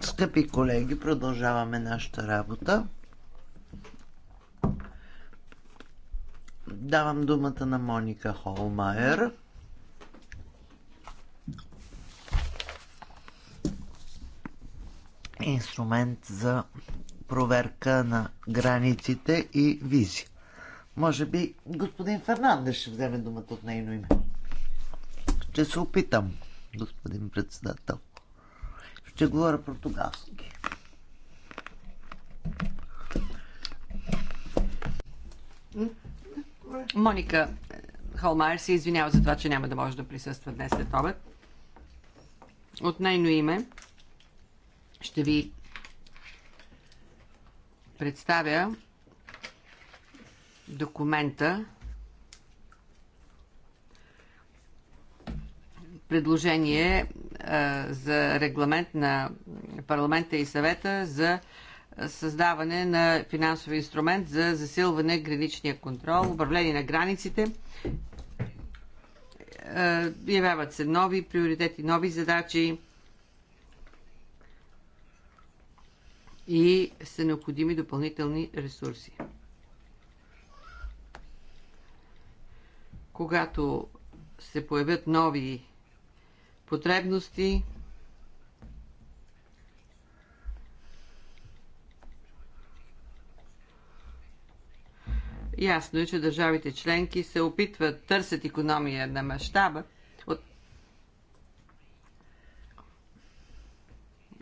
Скъпи колеги, продължаваме нашата работа. Давам думата на Моника Холмайер. Инструмент за проверка на границите и визи. Може би господин Фернандес ще вземе думата от нейно име. Ще се опитам, господин председател. Ще говоря португалски. Моника Холмайер се извинява за това, че няма да може да присъства днес след обед. От нейно име ще ви представя документа, предложение за регламент на парламента и съвета за създаване на финансов инструмент за засилване граничния контрол, управление на границите. Явяват се нови приоритети, нови задачи и са необходими допълнителни ресурси. Когато се появят нови потребности. Ясно е, че държавите членки се опитват, търсят економия на мащаба от...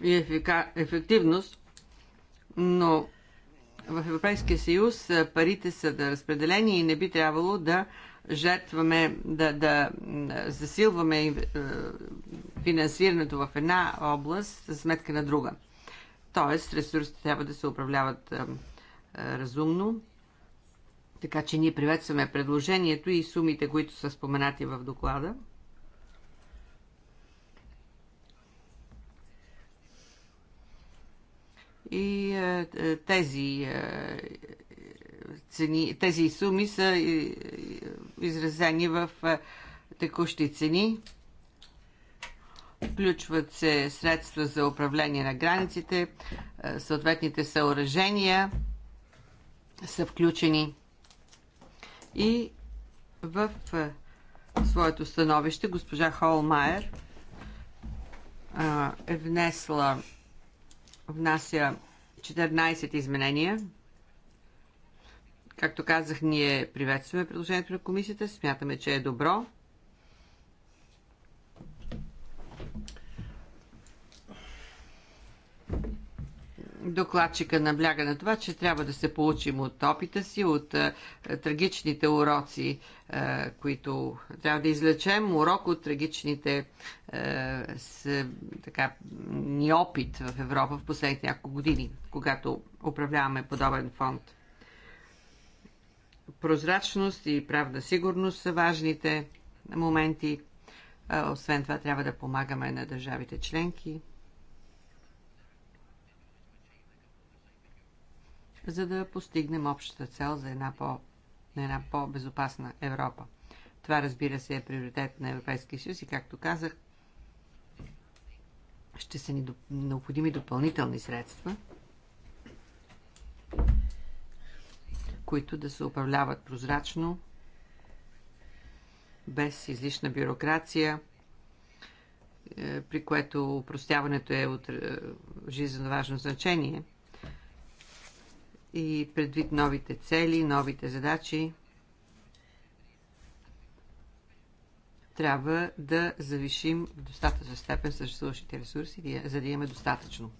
и ефика... ефективност, но в Европейския съюз парите са да разпределени и не би трябвало да жертваме, да, да засилваме е, финансирането в една област за сметка на друга. Тоест, ресурсите трябва да се управляват е, е, разумно. Така че ние приветстваме предложението и сумите, които са споменати в доклада. И тези цени, тези суми са изразени в е, текущи цени. Включват се средства за управление на границите, е, съответните съоръжения са включени. И в е, своето становище госпожа Холмайер е внесла внася 14 изменения Както казах, ние приветстваме предложението на комисията, смятаме, че е добро. Докладчика набляга на това, че трябва да се получим от опита си, от е, трагичните уроци, е, които трябва да излечем, урок от трагичните е, с, така, ни опит в Европа в последните няколко години, когато управляваме подобен фонд прозрачност и правна сигурност са важните моменти. Освен това, трябва да помагаме на държавите членки, за да постигнем общата цел за една, по, на една по-безопасна Европа. Това, разбира се, е приоритет на Европейския съюз и, както казах, ще са ни необходими допълнителни средства – които да се управляват прозрачно, без излишна бюрокрация, е, при което упростяването е от е, жизненно важно значение. И предвид новите цели, новите задачи, трябва да завишим в достатъчна степен съществуващите ресурси, за да имаме достатъчно.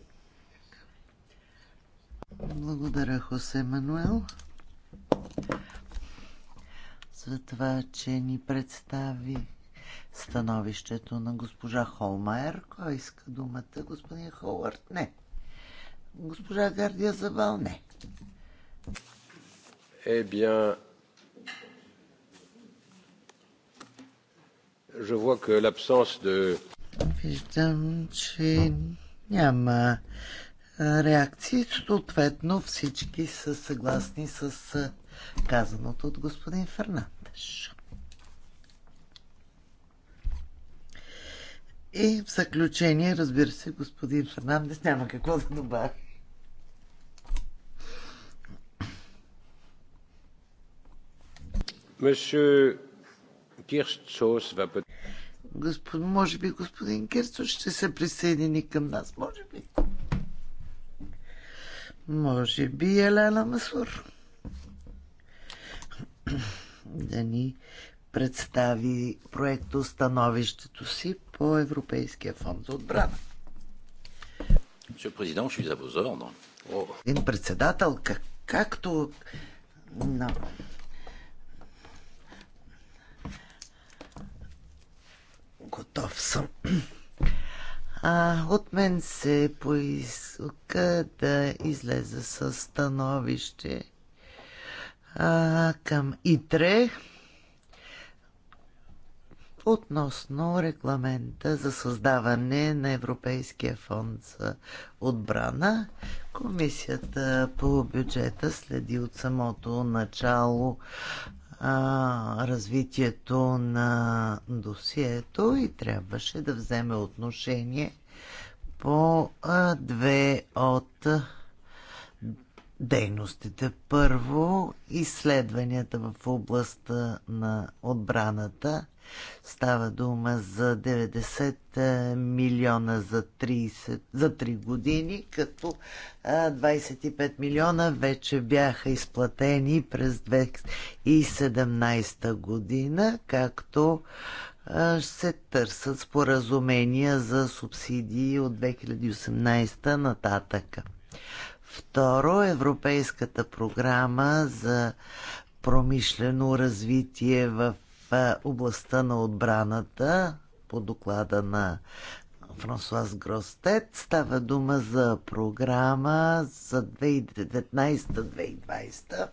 Благодаря, Хосе Мануел за това, че ни представи становището на госпожа Холмайер. Кой иска думата? Господин Холвард? Не. Госпожа Гардия Забал? Не. Е, бя... Je vois que l'absence de... Виждам, че няма реакции. Съответно всички са съгласни с казаното от господин Фернандеш. И в заключение, разбира се, господин Фернандес няма какво да добави. Monsieur Може би господин Кирцов ще се присъедини към нас. Може би. Може би Елена Масур. да ни представи проекто становището си по Европейския фонд за отбрана. Един oh. председател, как, както на... Готов съм. А, от мен се поиска да излеза със становище а, към ИТРЕ относно регламента за създаване на Европейския фонд за отбрана. Комисията по бюджета следи от самото начало а, развитието на досието и трябваше да вземе отношение по а, две от а, дейностите. Първо, изследванията в областта на отбраната. Става дума за 90 е, милиона за, 30, за 3 години, като 25 е, милиона вече бяха изплатени през 2017 година, както е, се търсят споразумения за субсидии от 2018 нататък. Второ, Европейската програма за промишлено развитие в областта на отбраната по доклада на Франсуаз Гростет. Става дума за програма за 2019-2020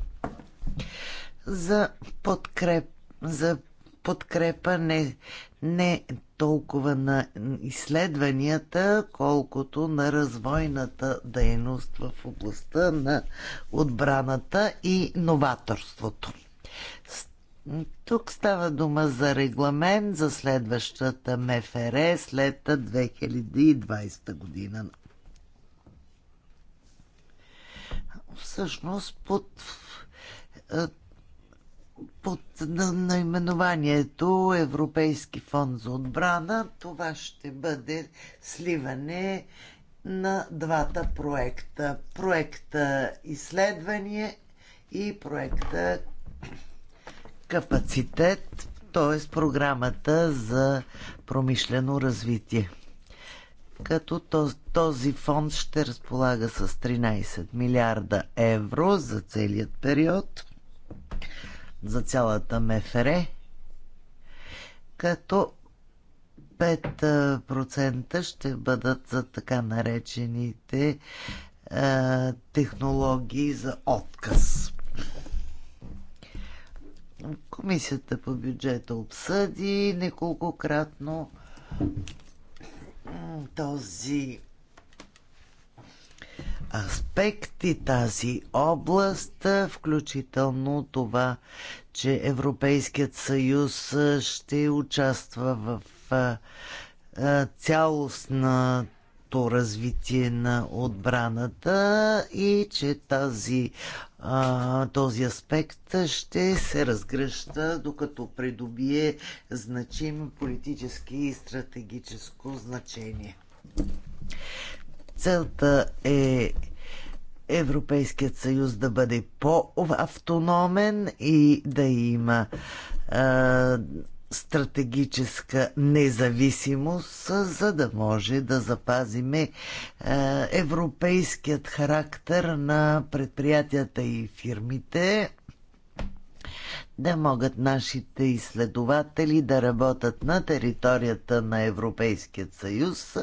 за подкреп за подкрепа не, не толкова на изследванията, колкото на развойната дейност в областта на отбраната и новаторството. Тук става дума за регламент за следващата МФР след 2020 година. Всъщност под под наименованието Европейски фонд за отбрана. Това ще бъде сливане на двата проекта. Проекта изследване и проекта капацитет, т.е. програмата за промишлено развитие. Като този фонд ще разполага с 13 милиарда евро за целият период – за цялата МФР, като 5% ще бъдат за така наречените а, технологии за отказ. Комисията по бюджета обсъди неколкократно този аспекти тази област, включително това, че Европейският съюз ще участва в цялостното развитие на отбраната и че тази, този аспект ще се разгръща, докато придобие значимо политически и стратегическо значение. Целта е Европейският съюз да бъде по-автономен и да има а, стратегическа независимост, за да може да запазиме европейският характер на предприятията и фирмите да могат нашите изследователи да работят на територията на Европейският съюз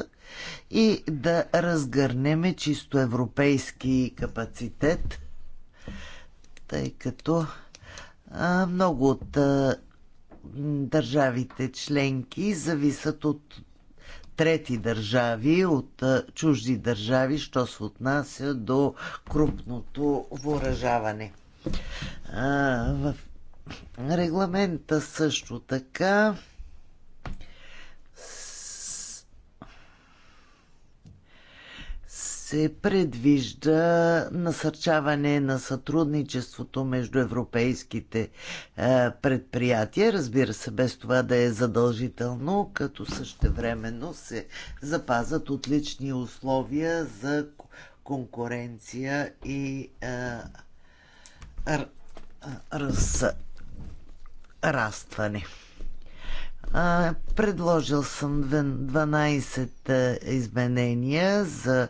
и да разгърнеме чисто европейски капацитет, тъй като а, много от а, държавите членки зависят от трети държави, от а, чужди държави, що се отнася до крупното въоръжаване. А, в Регламента също така се предвижда насърчаване на сътрудничеството между европейските е, предприятия, разбира се, без това да е задължително, като същевременно се запазат отлични условия за конкуренция и е, раз а, Предложил съм 12 изменения за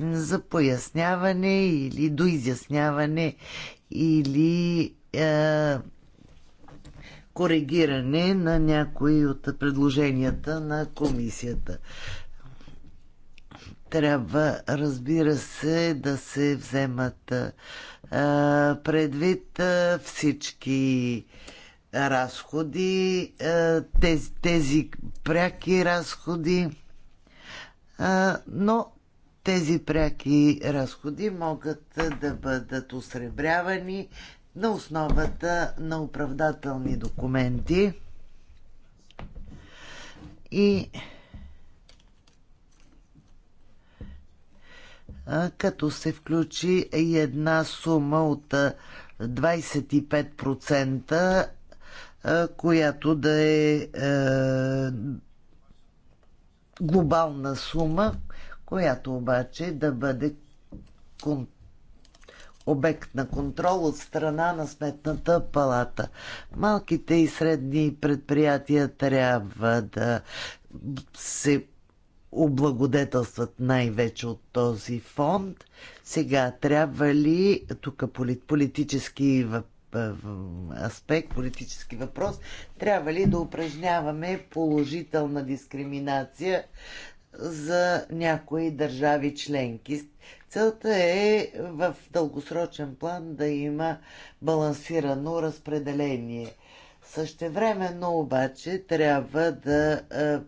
за поясняване или доизясняване или е, коригиране на някои от предложенията на комисията трябва, разбира се, да се вземат а, предвид а, всички разходи, а, тези, тези пряки разходи, а, но тези пряки разходи могат да бъдат осребрявани на основата на оправдателни документи и като се включи и една сума от 25%, която да е глобална сума, която обаче да бъде обект на контрол от страна на Сметната палата. Малките и средни предприятия трябва да се облагодетелстват най-вече от този фонд. Сега трябва ли, тук политически аспект, политически въпрос, трябва ли да упражняваме положителна дискриминация за някои държави членки. Целта е в дългосрочен план да има балансирано разпределение. Същевременно обаче трябва да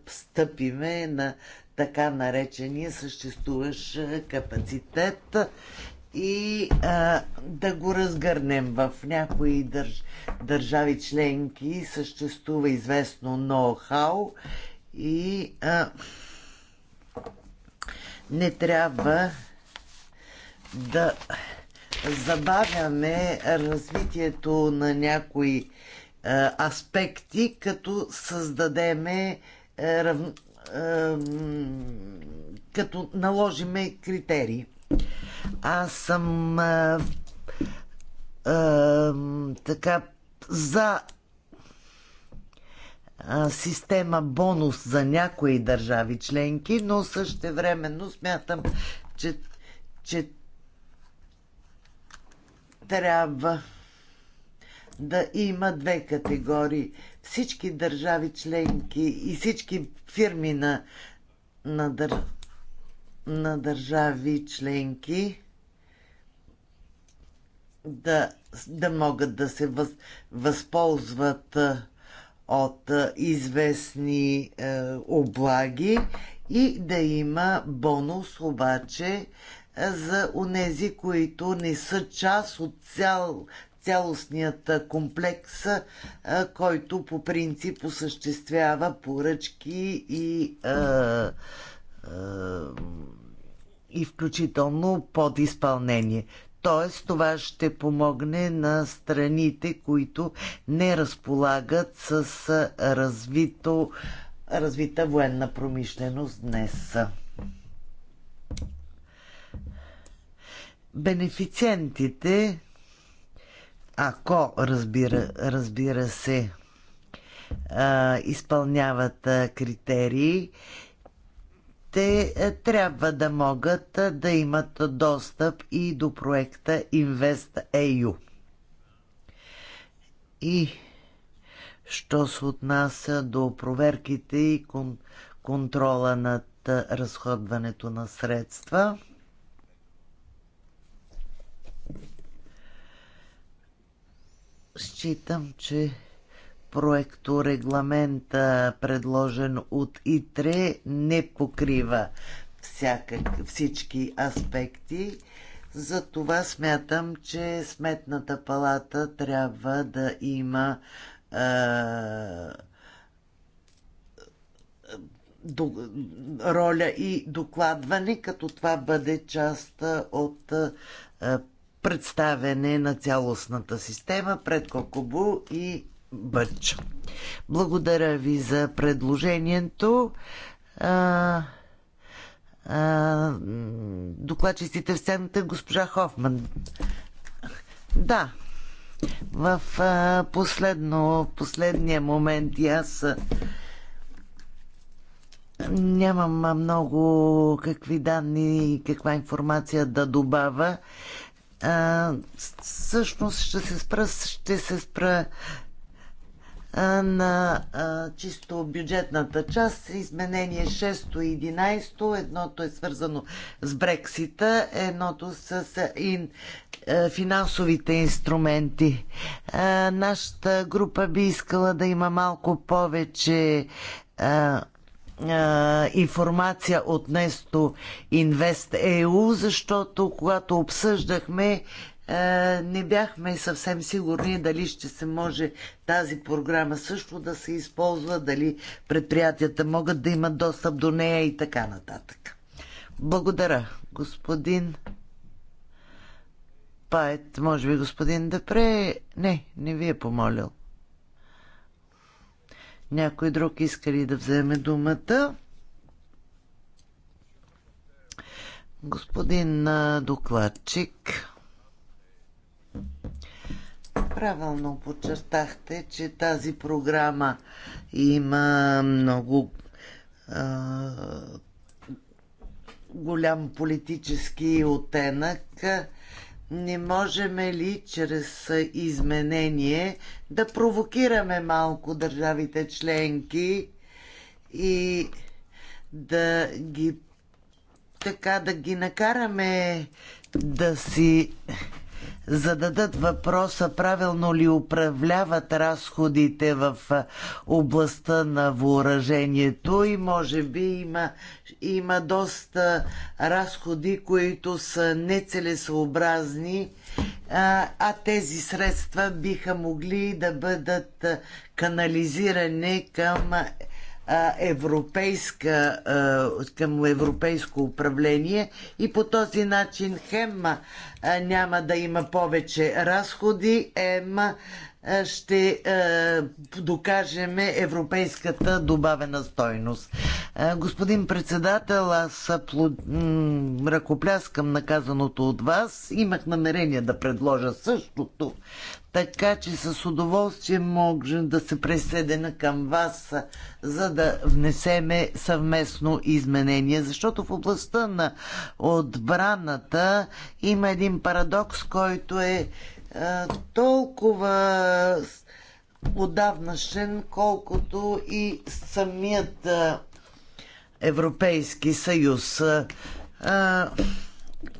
стъпиме на така наречения съществуващ капацитет и а, да го разгърнем. В някои държ, държави членки съществува известно ноу-хау и а, не трябва да забавяме развитието на някои а, аспекти, като създадеме като наложиме критерии. Аз съм а, а, така за а, система бонус за някои държави членки, но същевременно смятам, че, че трябва да има две категории всички държави членки и всички фирми на, на, дър, на държави членки да, да могат да се въз, възползват от известни е, облаги и да има бонус обаче е, за онези, които не са част от цял, цялостният комплекс, който по принцип осъществява поръчки и, а, а, и включително подизпълнение. Т.е. това ще помогне на страните, които не разполагат с развито, развита военна промишленост днес. Бенефициентите ако разбира, разбира се, а, изпълняват а, критерии, те а, трябва да могат а, да имат достъп и до проекта InvestEU. И що се отнася до проверките и кон, контрола над разходването на средства, Считам, че проекто регламента, предложен от ИТРЕ, не покрива всякак, всички аспекти. Затова смятам, че Сметната палата трябва да има е, до, роля и докладване, като това бъде част от е, представяне на цялостната система пред Кокобу и Бъч. Благодаря ви за предложението. А, а, докладчиците в сцената госпожа Хофман. Да, в а, последно, последния момент и аз нямам много какви данни и каква информация да добавя а, всъщност ще се спра, ще се спра а, на а, чисто бюджетната част. Изменение 6 и 11. Едното е свързано с Брексита, едното с ин, а, финансовите инструменти. А, нашата група би искала да има малко повече а, е, информация от Несто Инвест ЕУ, защото когато обсъждахме е, не бяхме съвсем сигурни дали ще се може тази програма също да се използва, дали предприятията могат да имат достъп до нея и така нататък. Благодаря, господин Пает. Може би господин Депре... Не, не ви е помолил. Някой друг иска ли да вземе думата? Господин докладчик, правилно подчертахте, че тази програма има много а, голям политически оттенък не можем ли чрез изменение да провокираме малко държавите членки и да ги така да ги накараме да си зададат въпроса правилно ли управляват разходите в областта на въоръжението и може би има, има доста разходи, които са нецелесообразни, а, а тези средства биха могли да бъдат канализирани към европейска, към европейско управление и по този начин хем няма да има повече разходи, Ема. Е, ще е, докажем европейската добавена стойност. Е, господин председател, аз аплод... ръкопляскам наказаното от вас. Имах намерение да предложа същото, така че с удоволствие можем да се преседена към вас, за да внесеме съвместно изменение, защото в областта на отбраната има един парадокс, който е е, толкова отдавнашен, колкото и самият е, Европейски съюз, е,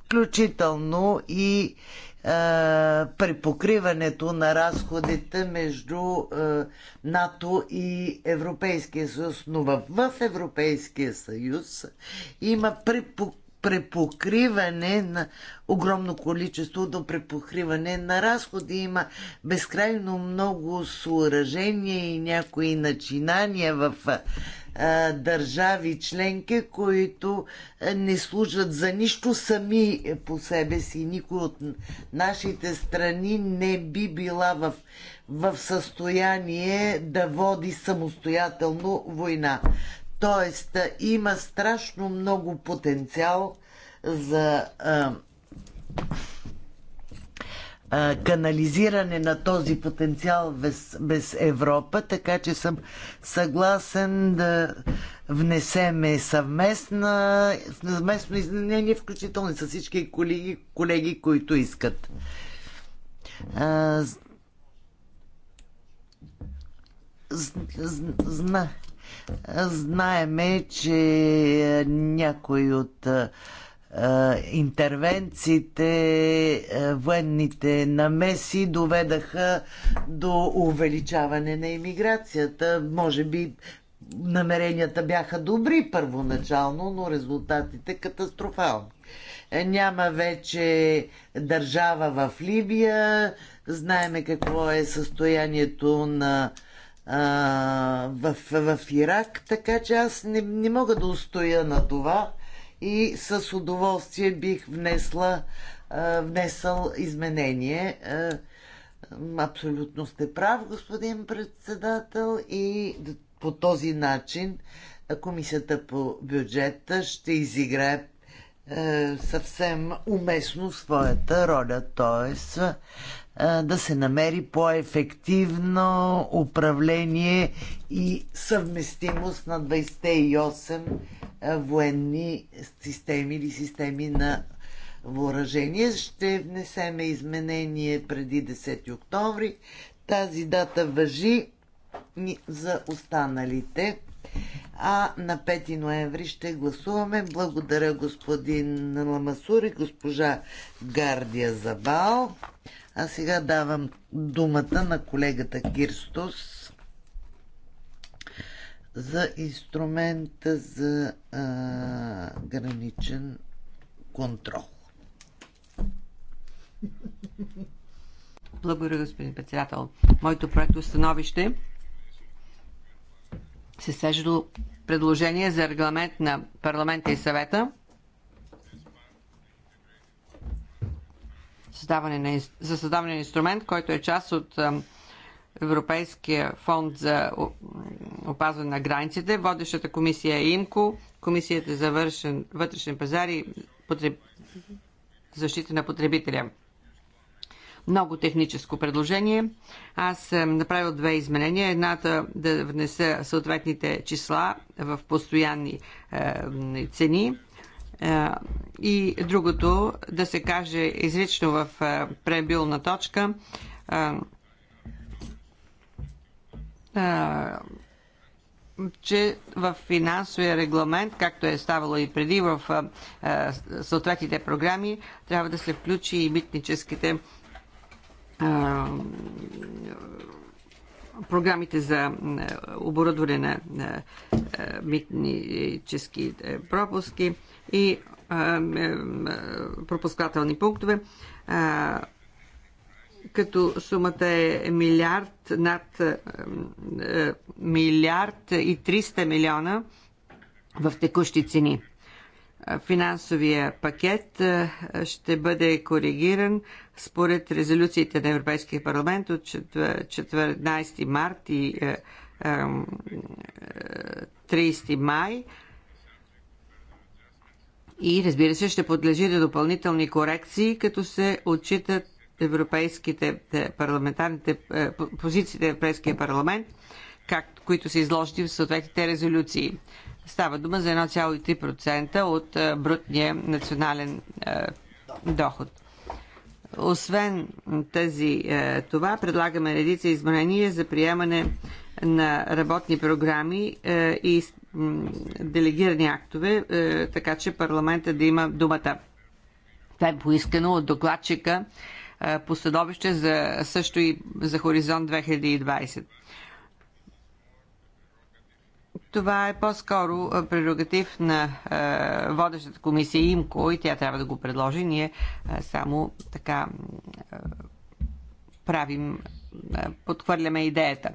включително и препокриването на разходите между НАТО и Европейския съюз. Но в Европейския съюз има покриването препокриване на огромно количество до препокриване на разходи. Има безкрайно много съоръжения и някои начинания в а, държави членки, които не служат за нищо сами по себе си. Никой от нашите страни не би била в, в състояние да води самостоятелно война. Тоест, има страшно много потенциал за а, а, канализиране на този потенциал без, без Европа, така че съм съгласен да внесеме съвместна, съвместно изменение, включително с всички колеги, колеги които искат. А, зна, Знаеме, че някои от интервенциите, военните намеси доведаха до увеличаване на иммиграцията. Може би намеренията бяха добри първоначално, но резултатите катастрофални. Е, няма вече държава в Либия. Знаеме какво е състоянието на а, в, в Ирак, така че аз не, не мога да устоя на това и с удоволствие бих внесла, а, внесъл изменение. А, абсолютно сте прав, господин председател, и по този начин комисията по бюджета ще изиграе съвсем уместно своята роля, т.е да се намери по-ефективно управление и съвместимост на 28 военни системи или системи на въоръжение. Ще внесеме изменение преди 10 октомври. Тази дата въжи за останалите. А на 5 ноември ще гласуваме. Благодаря господин Ламасури, госпожа Гардия Забал. А сега давам думата на колегата Кирстос за инструмента за а, граничен контрол. Благодаря, господин председател. Моето проекто становище се до предложение за регламент на парламента и съвета създаване на, за създаване на инструмент, който е част от Европейския фонд за опазване на границите. Водещата комисия е ИМКО, комисията е за вършен, вътрешен пазар и потреб... защита на потребителя. Много техническо предложение. Аз съм направил две изменения. Едната да внеса съответните числа в постоянни е, цени е, и другото, да се каже изрично в е, пребилна точка, е, че в финансовия регламент, както е ставало и преди в съответните програми, трябва да се включи и митническите програмите за оборудване на митнически пропуски и пропускателни пунктове като сумата е милиард, над милиард и 300 милиона в текущи цени. Финансовия пакет ще бъде коригиран според резолюциите на Европейския парламент от 14 март и 30 май и разбира се ще подлежи на допълнителни корекции, като се отчитат европейските е, парламентарните е, позиции на Европейския парламент, как, които са изложени в съответните резолюции. Става дума за 1,3% от е, брутния национален доход. Освен тези, това, предлагаме редица изменения за приемане на работни програми е, и делегирани актове, е, така че парламента да има думата. Това е поискано от докладчика е, по съдобище за, също и за Хоризонт 2020. Това е по-скоро прерогатив на е, водещата комисия ИМКО и тя трябва да го предложи. Ние е, само така е, правим, е, подхвърляме идеята.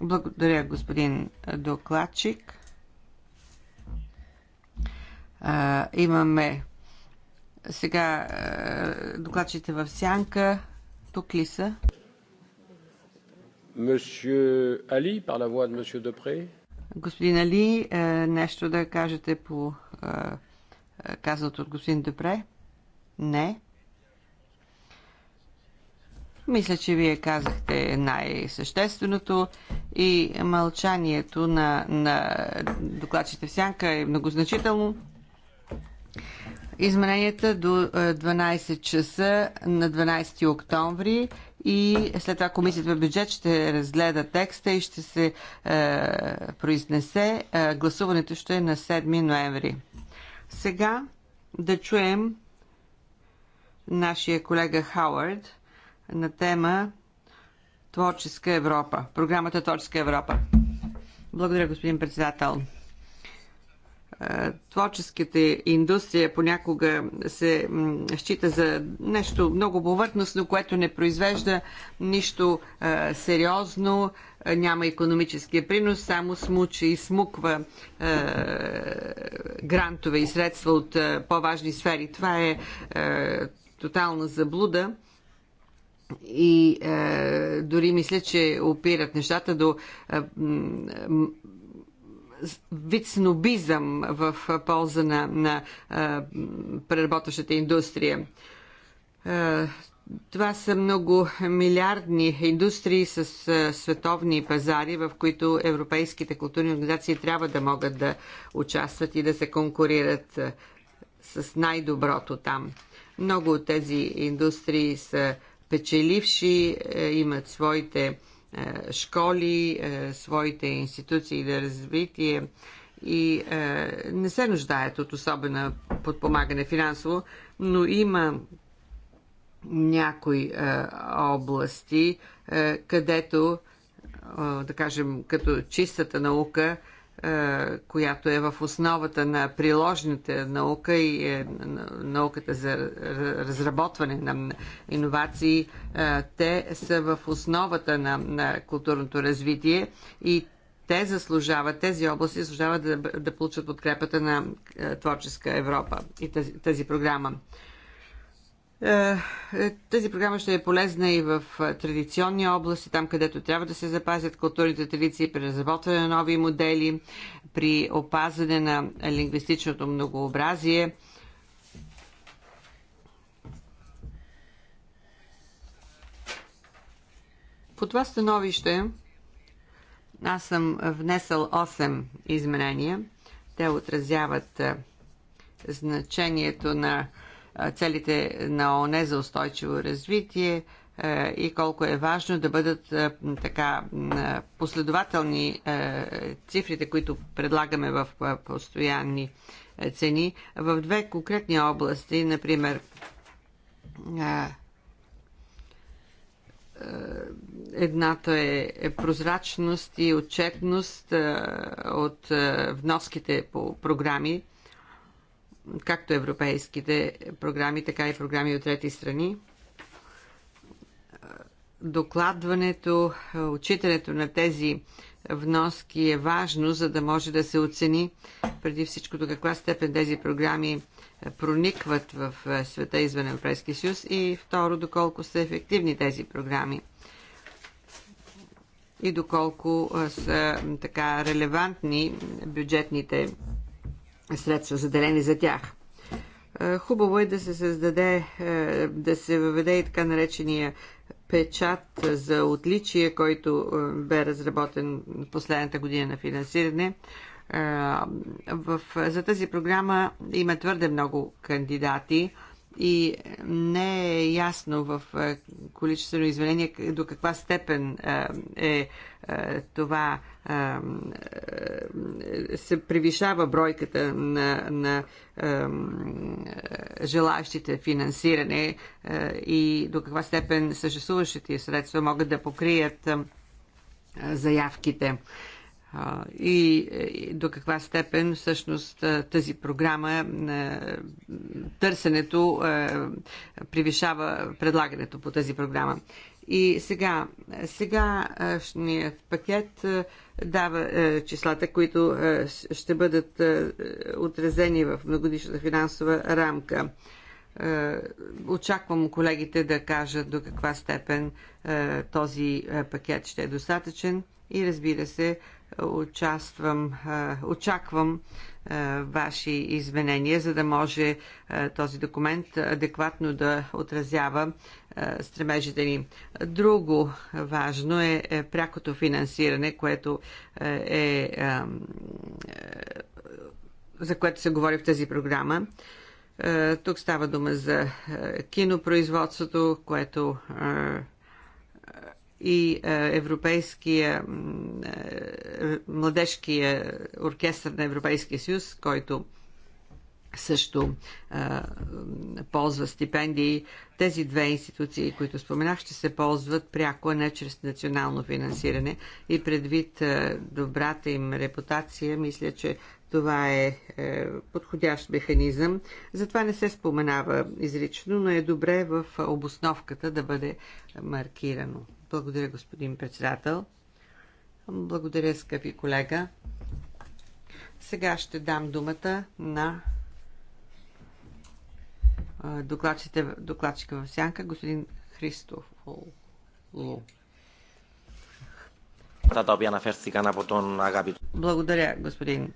Благодаря, господин докладчик. А, имаме сега докладчите в сянка. Тук ли са? Monsieur Али, par la voix de Monsieur Депре. Господин Али, нещо да кажете по казаното от господин Депре? Не. Мисля, че вие казахте най-същественото и мълчанието на, на докладчите в сянка е многозначително. Измененията до 12 е, часа на 12 октомври и след това комисията по бюджет ще разгледа текста и ще се е, произнесе. Е, гласуването ще е на 7 ноември. Сега да чуем нашия колега Хауърд на тема Творческа Европа. Програмата Творческа Европа. Благодаря, господин председател. Е, творческата индустрия понякога се счита за нещо много повърхностно, което не произвежда нищо е, сериозно, е, няма економическия принос, само смуча и смуква грантове и средства от по-важни сфери. Това е, тотална заблуда и е, дори мисля, че опират нещата до е, вид снобизъм в полза на, на е, преработващата индустрия. Е, това са много милиардни индустрии с е, световни пазари, в които европейските културни организации трябва да могат да участват и да се конкурират е, с най-доброто там. Много от тези индустрии са печеливши, е, имат своите е, школи, е, своите институции за развитие и не се нуждаят от особено подпомагане финансово, но има някои области, където, да кажем, като чистата наука, е, която е в основата на приложната наука и е науката за разработване на иновации, е, те са в основата на, на културното развитие и те заслужават, тези области заслужават да, да получат подкрепата на е, творческа Европа и тази, тази програма. Е, тази програма ще е полезна и в е, традиционни области, там където трябва да се запазят културните традиции, при разработване на нови модели, при опазване на лингвистичното многообразие. По това становище аз съм внесъл 8 изменения. Те отразяват е, значението на целите на ОНЕ за устойчиво развитие и колко е важно да бъдат така последователни цифрите, които предлагаме в постоянни цени в две конкретни области, например Едната е, е прозрачност и отчетност от вноските по програми както европейските програми, така и програми от трети страни. Докладването, отчитането на тези вноски е важно, за да може да се оцени преди всичко до каква степен тези програми проникват в света извън Европейския съюз и второ, доколко са ефективни тези програми и доколко са така релевантни бюджетните средства заделени за тях. Хубаво е да се създаде, да се въведе и така наречения печат за отличие, който бе разработен последната година на финансиране. В, за тази програма има твърде много кандидати и не е ясно в е, количествено изменение до каква степен е, е, е това се превишава бройката на, на желащите финансиране и до каква степен съществуващите средства могат да покрият заявките и е, до каква степен всъщност е, тази програма е, търсенето превишава предлагането по тази програма. И сега, сегашният пакет дава числата, които ще бъдат отразени в многодишната финансова рамка. Очаквам колегите да кажат до каква степен този пакет ще е достатъчен и разбира се, участвам, очаквам ваши изменения, за да може този документ адекватно да отразява стремежите ни. Друго важно е, е прякото финансиране, което е за което се говори в тази програма. Тук става дума за кинопроизводството, което и е, Европейския е, младежкия оркестър на Европейския съюз, който също а, е, ползва стипендии. Тези две институции, които споменах, ще се ползват пряко, а не чрез национално финансиране. И предвид а, добрата им репутация, мисля, че това е, е подходящ механизъм. Затова не се споменава изрично, но е добре в обосновката да бъде маркирано. Благодаря, господин председател. Благодаря, скъпи колега. Сега ще дам думата на е, докладчика в сянка, господин Христов Лу. Благодаря, господин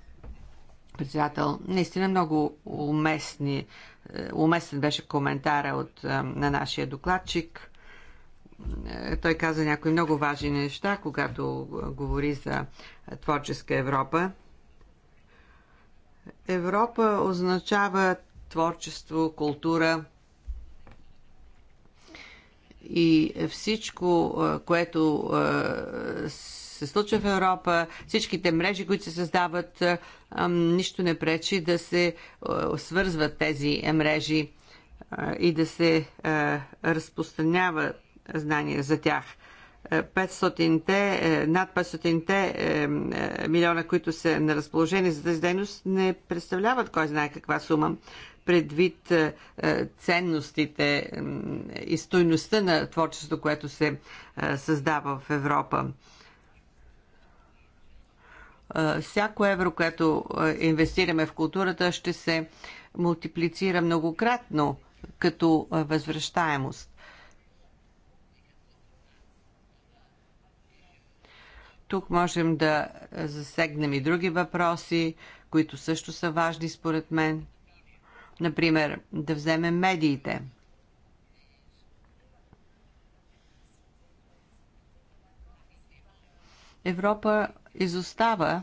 председател. Наистина много уместни, е, уместен беше коментара от, е, на нашия докладчик. Е, той каза някои много важни неща, когато говори за творческа Европа. Европа означава творчество, култура и всичко, което се случва в Европа, всичките мрежи, които се създават, е, нищо не пречи да се е, свързват тези мрежи е, и да се разпространява знание за тях. 500-те, над 500-те милиона, които са на разположение за тази дейност, не представляват кой знае каква сума предвид ценностите и стойността на творчеството, което се създава в Европа всяко евро, което инвестираме в културата, ще се мултиплицира многократно като възвръщаемост. Тук можем да засегнем и други въпроси, които също са важни според мен. Например, да вземем медиите. Европа изостава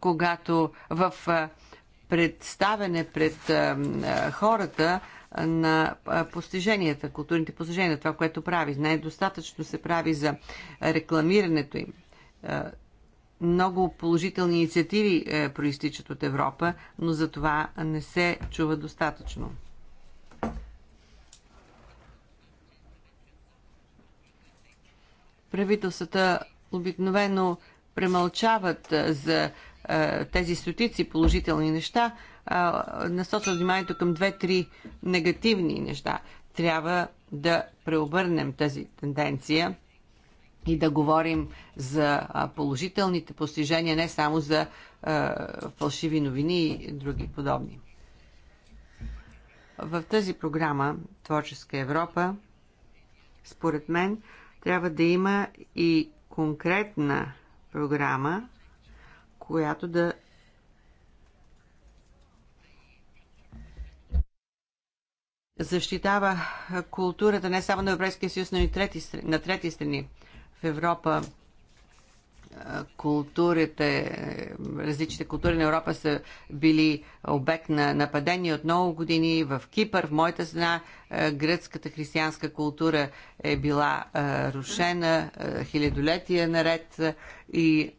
когато в представене пред хората на постиженията, културните постижения, това, което прави. Най-достатъчно се прави за рекламирането им. Много положителни инициативи е, проистичат от Европа, но за това не се чува достатъчно. Правителствата обикновено премълчават за тези стотици положителни неща, насочват вниманието към две-три негативни неща. Трябва да преобърнем тази тенденция и да говорим за положителните постижения, не само за фалшиви новини и други подобни. В тази програма Творческа Европа, според мен, трябва да има и конкретна програма, която да защитава културата не само на Европейския съюз, но и трети, на трети страни. В Европа културите, различните култури на Европа са били обект на нападения от много години. В Кипър, в моята страна, е, гръцката християнска култура е била е, рушена е, хилядолетия наред и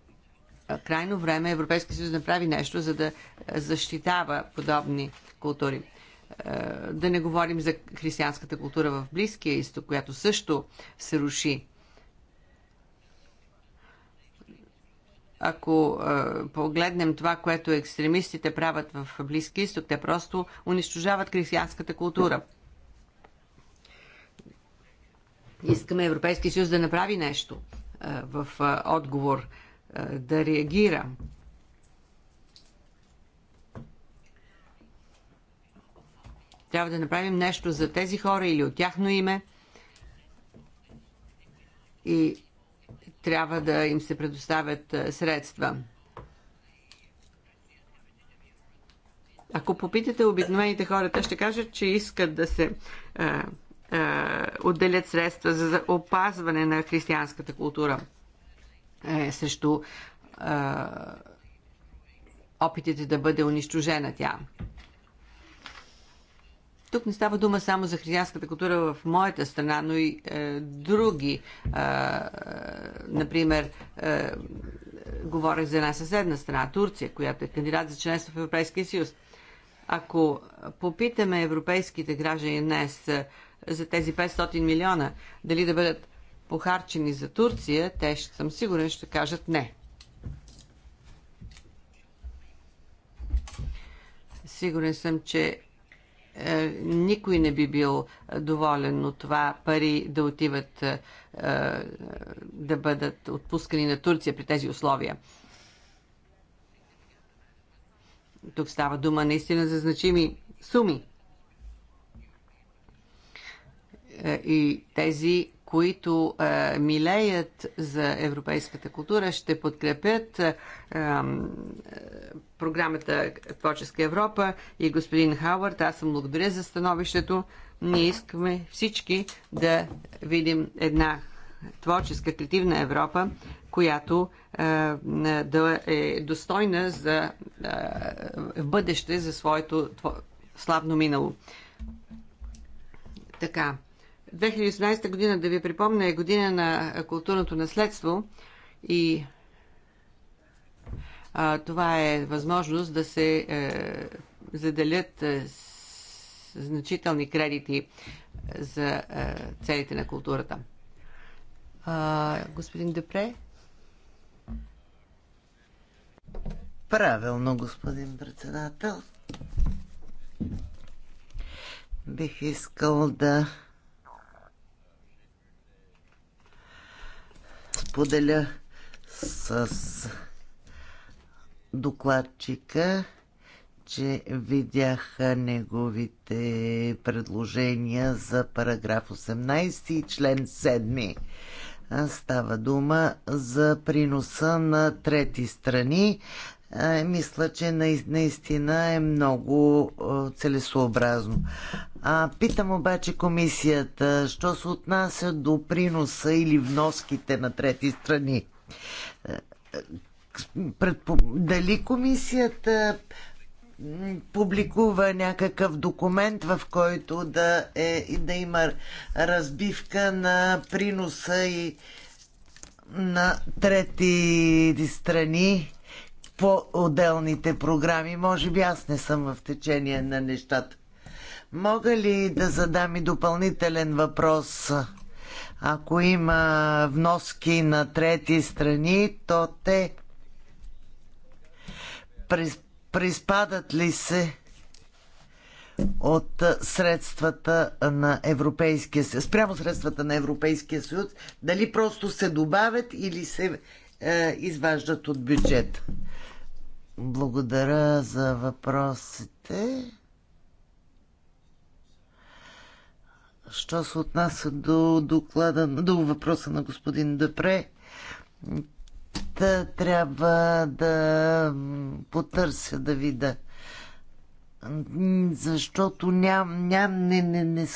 крайно време Европейския съюз направи нещо, за да защитава подобни култури. Да не говорим за християнската култура в Близкия изток, която също се руши ако погледнем това, което екстремистите правят в Близки изток, те просто унищожават християнската култура. Искаме Европейския съюз да направи нещо в отговор, да реагира. Трябва да направим нещо за тези хора или от тяхно име. И трябва да им се предоставят е, средства. Ако попитате обикновените хора, те ще кажат, че искат да се а, е, а, е, отделят средства за, опазване на християнската култура е, срещу а, опитите да бъде унищожена тя. Тук не става дума само за християнската култура в моята страна, но и е, други. Е, е, например, е, говорех за една съседна страна, Турция, която е кандидат за членство в Европейския съюз. Ако попитаме европейските граждани днес е, за тези 500 милиона, дали да бъдат похарчени за Турция, те ще съм сигурен ще кажат не. Сигурен съм, че е, никой не би бил доволен от това пари да отиват е, да бъдат отпускани на Турция при тези условия. Тук става дума наистина за значими суми. Е, и тези които е, милеят за европейската култура, ще подкрепят е, е, програмата Творческа Европа и господин Хауърд. Аз съм благодаря за становището. Ние искаме всички да видим една творческа, креативна Европа, която е, да е достойна за е, в бъдеще за своето славно минало. Така 2018 година, да ви припомня, е година на културното наследство и а, това е възможност да се е, заделят е, значителни кредити е, за е, целите на културата. А, господин Депре? Правилно, господин председател. Бих искал да споделя с докладчика, че видяха неговите предложения за параграф 18 и член 7. Става дума за приноса на трети страни е, мисля, че наистина е много е, целесообразно. А, питам обаче комисията, що се отнася до приноса или вноските на трети страни. Е, предпо... Дали комисията публикува някакъв документ, в който да, е, да има разбивка на приноса и на трети страни по отделните програми. Може би аз не съм в течение на нещата. Мога ли да задам и допълнителен въпрос? Ако има вноски на трети страни, то те приспадат ли се от средствата на Европейския съюз, спрямо средствата на Европейския съюз, дали просто се добавят или се е, изваждат от бюджета? Благодаря за въпросите. Що се отнася до доклада, до въпроса на господин Депре, трябва да потърся да видя защото ням, ням, не, не, не,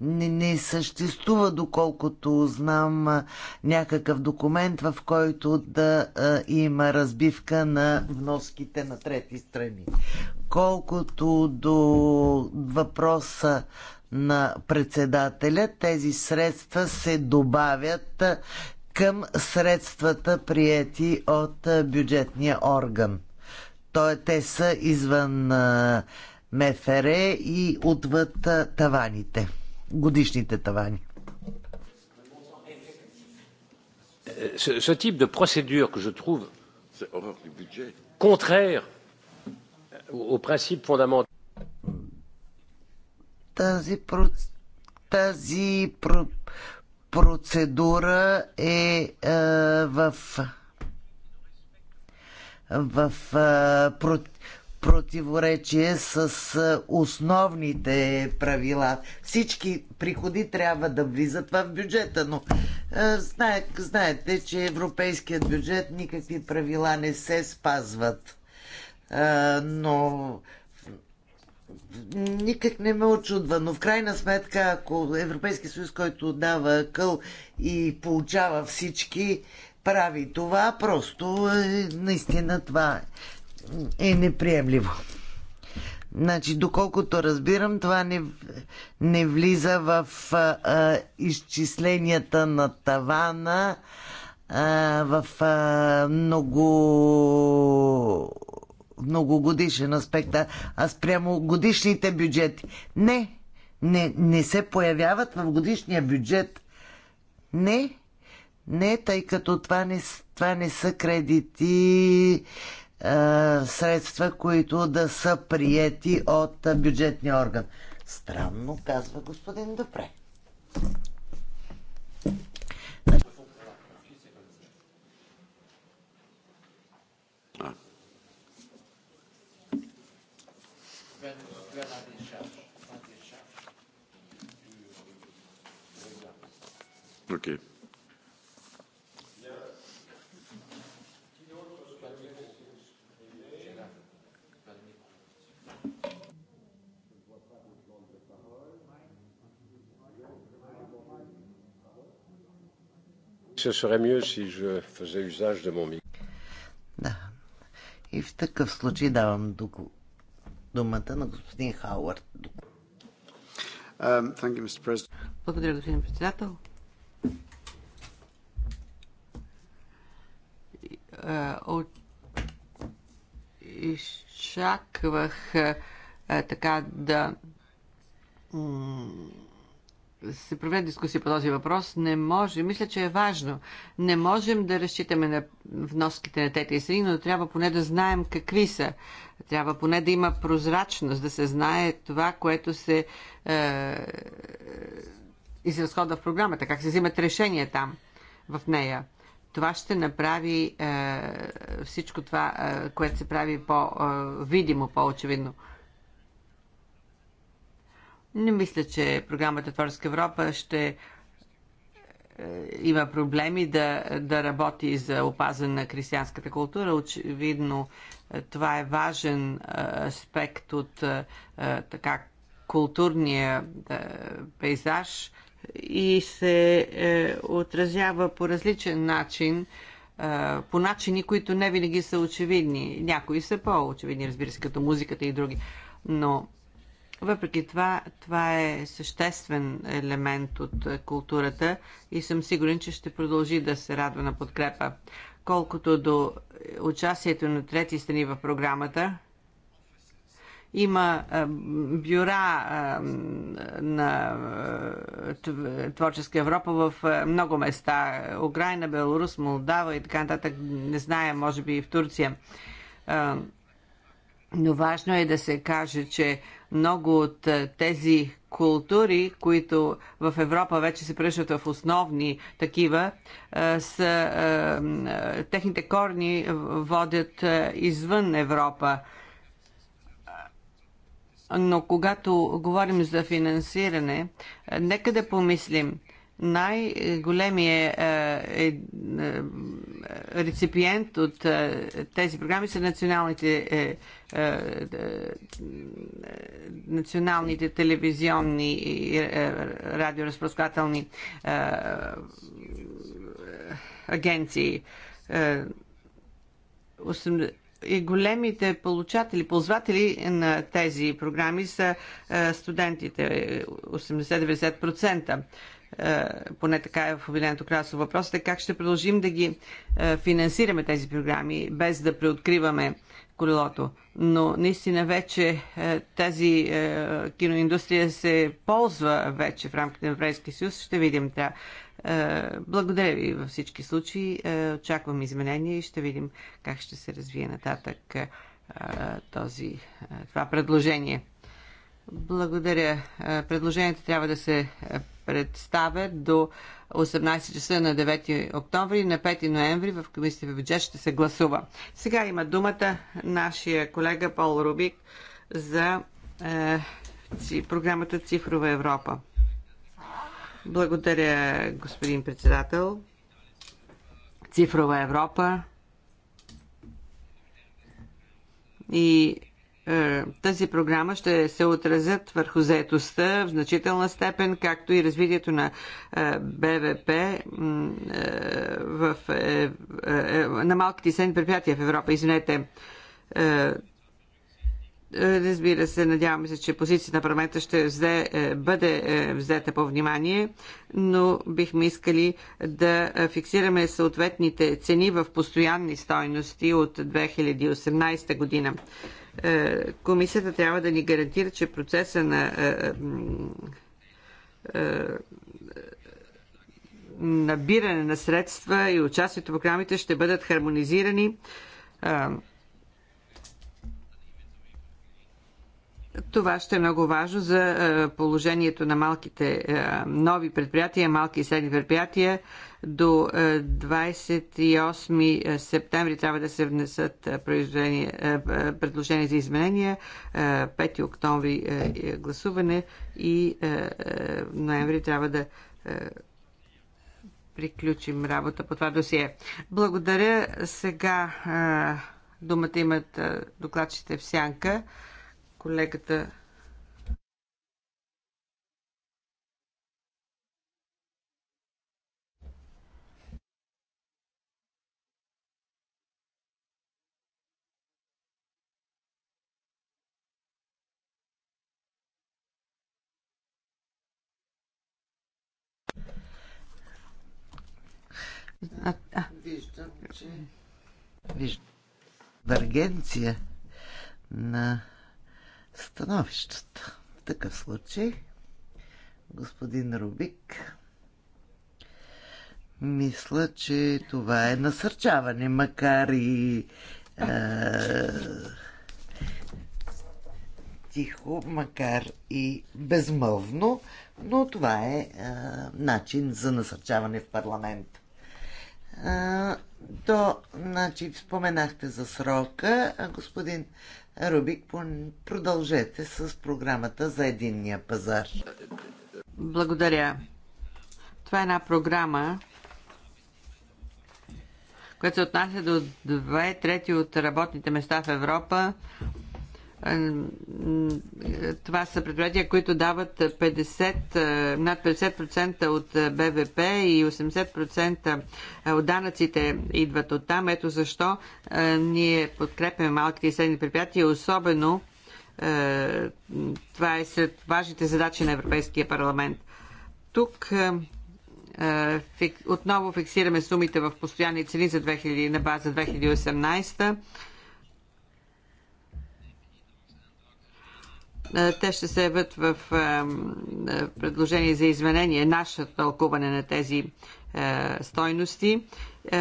не, не съществува, доколкото знам, някакъв документ, в който да а, има разбивка на вноските на трети страни. Колкото до въпроса на председателя, тези средства се добавят към средствата, приети от бюджетния орган. Той, те са извън а, МФР и отвъд а, таваните, годишните тавани. Ce, ce type de procédure que je trouve contraire au principe fondamental. Тази, про... тази про... процедура е, е в в про, противоречие с основните правила. Всички приходи трябва да влизат в бюджета, но знае, знаете, че европейският бюджет никакви правила не се спазват. но никак не ме очудва, но в крайна сметка, ако Европейски съюз, който дава къл и получава всички, прави това, просто е, наистина това е неприемливо. Значи, доколкото разбирам, това не, не влиза в а, а, изчисленията на тавана, а, в а, много многогодишен аспект, а спрямо годишните бюджети. Не, не, не се появяват в годишния бюджет. Не, не, тъй като това не, това не са кредити, средства, които да са приети от бюджетния орган. Странно, казва господин Добре. Okay. Да. И в такъв случай давам думата на господин Хауърд. Um, Благодаря, господин председател. Е, от... Изчаквах е, така да се проведе дискусия по този въпрос, не може, мисля, че е важно. Не можем да разчитаме на вноските на тети и страни, но трябва поне да знаем какви са. Трябва поне да има прозрачност, да се знае това, което се е, изразходва в програмата, как се взимат решения там, в нея. Това ще направи е, всичко това, е, което се прави по-видимо, е, по-очевидно. по видимо е по очевидно не мисля, че програмата Творска Европа ще е, има проблеми да, да работи за опазване на християнската култура. Очевидно, е, това е важен е, аспект от така културния пейзаж и се отразява по различен начин, по начини, които не винаги са очевидни. Някои са по-очевидни, разбира се, като музиката и други. Но въпреки това, това е съществен елемент от е, културата и съм сигурен, че ще продължи да се радва на подкрепа. Колкото до е, участието на трети страни в програмата, има е, бюра на Творческа Европа в много места. Украина, Беларус, Молдава и така нататък. Не зная, може би и в Турция. Но важно е да се каже, че много от е, тези култури, които в Европа вече се превръщат в основни такива, е, с е, техните корни водят извън Европа. Но когато говорим за финансиране, нека да помислим – най-големият е, е, е, е, реципиент от е, тези програми са националните, е, националните телевизионни и радиоразпроскателни агенции. И големите получатели, ползватели на тези програми са студентите 80-90%. Е, поне така е в Обединеното кралство. Въпросът е как ще продължим да ги е, финансираме тези програми, без да преоткриваме колелото. Но наистина вече е, тази киноиндустрия се ползва вече в рамките на Европейския съюз. Ще видим тя. Благодаря ви във всички случаи. Очаквам изменения и ще видим как ще се развие нататък този, това предложение. Благодаря. Предложението трябва да се представят до 18 часа на 9 октомври и на 5 ноември в комисията по бюджет ще се гласува. Сега има думата нашия колега Пол Рубик за е, ци, програмата Цифрова Европа. Благодаря, господин председател. Цифрова Европа и е, тази програма ще се отразят върху заетостта в значителна степен, както и развитието на е, БВП в, е, на малките и предприятия в Европа. Извинете, Разбира се, надяваме се, че позицията на парламента ще взе, бъде взета по внимание, но бихме искали да фиксираме съответните цени в постоянни стойности от 2018 година. Е, комисията трябва да ни гарантира, че процеса на е, е, набиране на средства и участието в програмите ще бъдат хармонизирани Това ще е много важно за е, положението на малките е, нови предприятия, малки и средни предприятия. До 28 е, септември трябва да се внесат предложения за изменения, 5 октомври гласуване и ноември трябва да приключим работа по това досие. Благодаря. Сега думата имат докладчите в сянка колегата А, а. Виждам, че... Виждам. Вергенция на становищата. В такъв случай, господин Рубик, мисля, че това е насърчаване, макар и е, тихо, макар и безмълвно, но това е, е начин за насърчаване в парламент. Е, то, значи, споменахте за срока. Господин Рубик, продължете с програмата за единния пазар. Благодаря. Това е една програма, която се отнася до две трети от работните места в Европа, е, това са предприятия, които дават 50, е, над 50% от е, БВП и 80% от данъците идват от там. Ето защо ние подкрепяме малките и средни предприятия, особено това е сред важните задачи на Европейския парламент. Тук отново фиксираме сумите в постоянни цени за 2000, на база 2018 Е, те ще се явят в е, е, предложение за изменение, нашето тълкуване на тези стойности.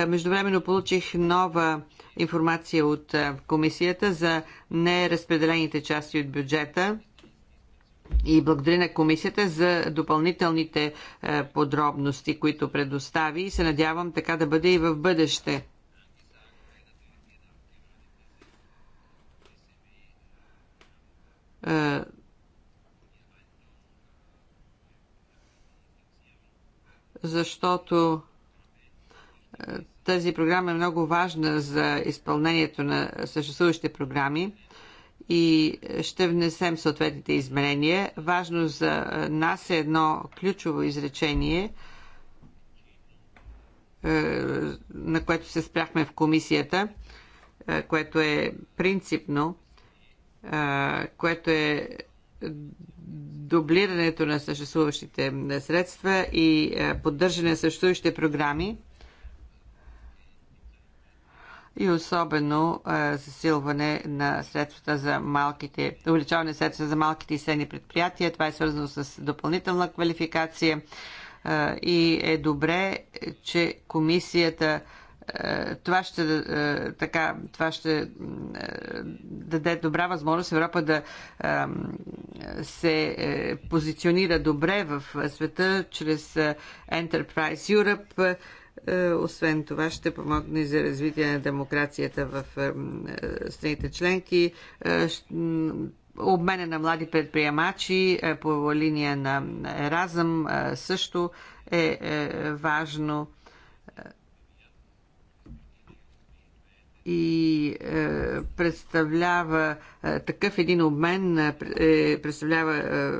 Междувременно получих нова информация от комисията за неразпределените части от бюджета и благодаря на комисията за допълнителните подробности, които предостави и се надявам така да бъде и в бъдеще. защото тази програма е много важна за изпълнението на съществуващите програми и ще внесем съответните изменения. Важно за нас е едно ключово изречение, е, на което се спряхме в комисията, е, което е принципно което е дублирането на съществуващите средства и поддържане на съществуващите програми и особено засилване на средствата за малките, увеличаване на средствата за малките и средни предприятия. Това е свързано с допълнителна квалификация и е добре, че комисията е, това ще, е, така, това ще е, даде добра възможност Европа да се позиционира добре в света чрез Enterprise Europe. Освен това ще помогне за развитие на демокрацията в страните членки обмена на млади предприемачи по линия на Еразъм също е важно. и е, представлява е, такъв един обмен, е, е, представлява е,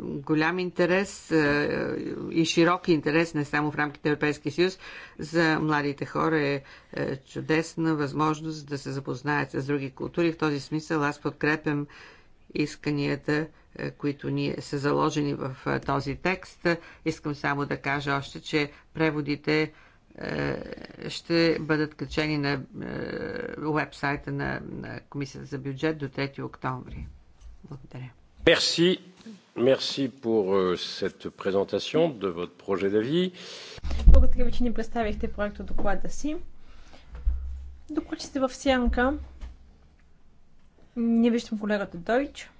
голям интерес е, и широк интерес, не само в рамките на Европейския съюз, за младите хора е, е чудесна възможност да се запознаят с други култури. В този смисъл аз подкрепям исканията, е, които ни са заложени в е, този текст. Искам само да кажа още, че преводите е, ще бъдат качени на вебсайта е, на, Комисията за бюджет до 3 октомври. Благодаря. Merci. Merci pour е, cette présentation de votre projet d'avis. Благодаря ви, че ни представихте проекта доклада си. Докладчите в сянка. Не виждам колегата Дойч.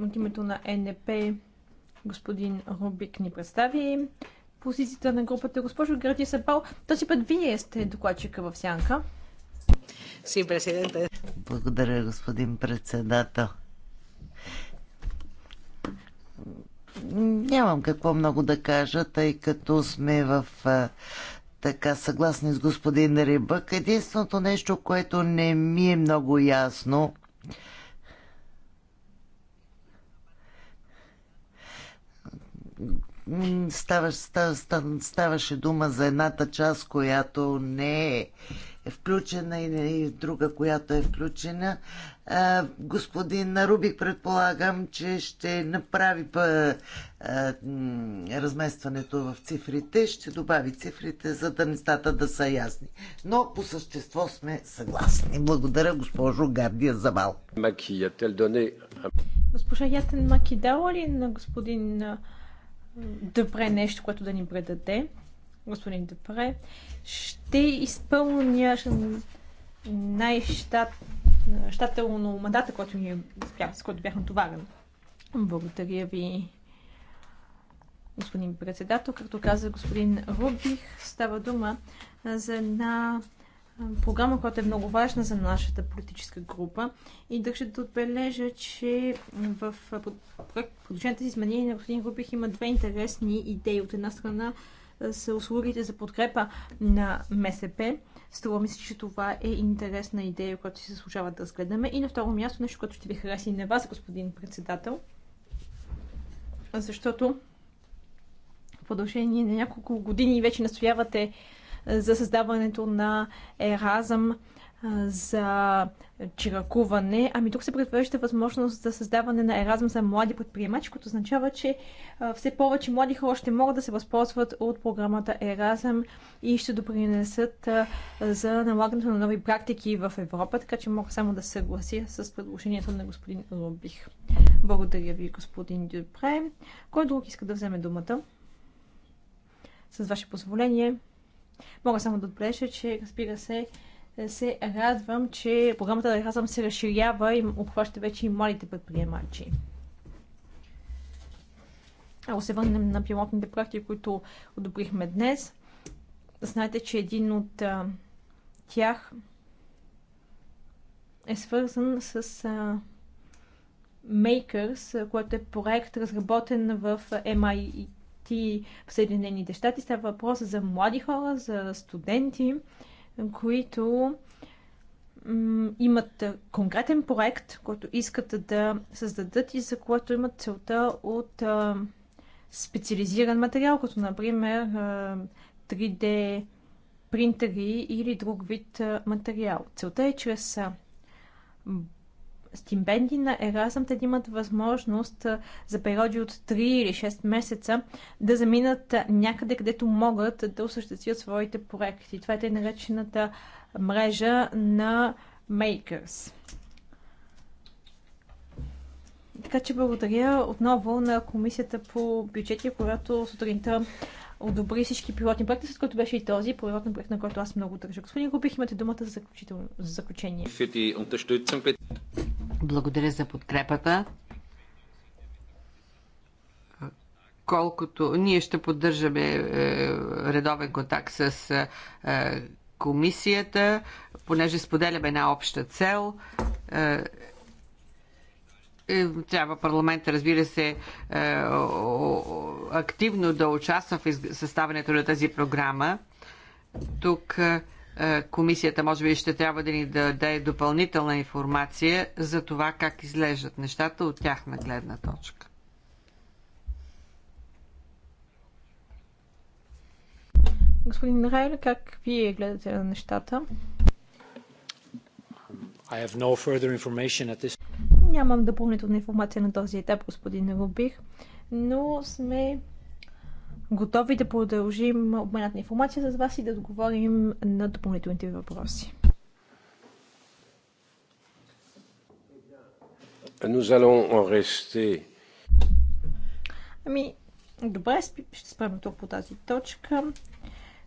От името на НДП Господин Рубик ни представи позицията на групата. Госпожо Гради Сапал, този път вие сте докладчика в сянка. Си, президента. Благодаря, господин председател. Нямам какво много да кажа, тъй като сме в така съгласни с господин Рибък. Единственото нещо, което не ми е много ясно, Става, става, ставаше дума за едната част, която не е включена и друга, която е включена. Господин Рубик, предполагам, че ще направи па, а, разместването в цифрите, ще добави цифрите, за да нещата да са ясни. Но по същество сме съгласни. Благодаря, госпожо Гардия Завал. Госпожа ястен Маки дала ли е на господин Добре нещо, което да ни предаде. Господин Депре, ще изпълня най-щателно мандата, който ни е, с който бях натоварен. Благодаря ви, господин председател. Както каза господин Рубих, става дума за една програма, която е много важна за нашата политическа група и държа да отбележа, че в си изменения на господин Рубих има две интересни идеи. От една страна са услугите за подкрепа на МСП. Струва ми се, че това е интересна идея, която си заслужава да разгледаме. И на второ място, нещо, което ще ви хареса и на вас, господин председател, защото в продължение на няколко години вече настоявате за създаването на еразъм за чиракуване, ами тук се предвижда възможност за създаване на еразъм за млади предприемачи, което означава, че все повече млади хора ще могат да се възползват от програмата Еразъм и ще допринесат за налагането на нови практики в Европа, така че мога само да се съглася с предложението на господин Рубих. Благодаря ви, господин Дюпре. Кой друг иска да вземе думата? С ваше позволение. Мога само да отбележа, че разбира се, се радвам, че програмата да казвам, се разширява и обхваща вече и младите предприемачи. Ако се върнем на пилотните практики, които одобрихме днес, знаете, че един от а, тях е свързан с а, Makers, което е проект разработен в MIT щати в Съединените щати. Става въпрос за млади хора, за студенти, които имат конкретен проект, който искат да създадат и за което имат целта от специализиран материал, като например 3D принтери или друг вид материал. Целта е чрез стипендии на Еразъм, те да имат възможност за периоди от 3 или 6 месеца да заминат някъде, където могат да осъществят своите проекти. Това е наречената мрежа на Makers. Така че благодаря отново на комисията по бюджети, която сутринта одобри всички пилотни проекти, след които беше и този пилотен проект, на който аз много държа. Господин Губих, имате думата за, за заключение. Благодаря за подкрепата. Колкото ние ще поддържаме е, редовен контакт с е, комисията, понеже споделяме една обща цел е, е, трябва парламента, разбира се, е, активно да участва в съставането на тази програма. Тук е, комисията може би ще трябва да ни даде допълнителна информация за това как изглеждат нещата от тяхна гледна точка. Господин Райле, как вие гледате на нещата? I have no further information at this Нямам допълнителна информация на този етап, господин Рубих, но сме готови да продължим обменът на информация с вас и да отговорим на допълнителните ви въпроси. Nous allons rester. Ами, добре, ще спрем тук по тази точка.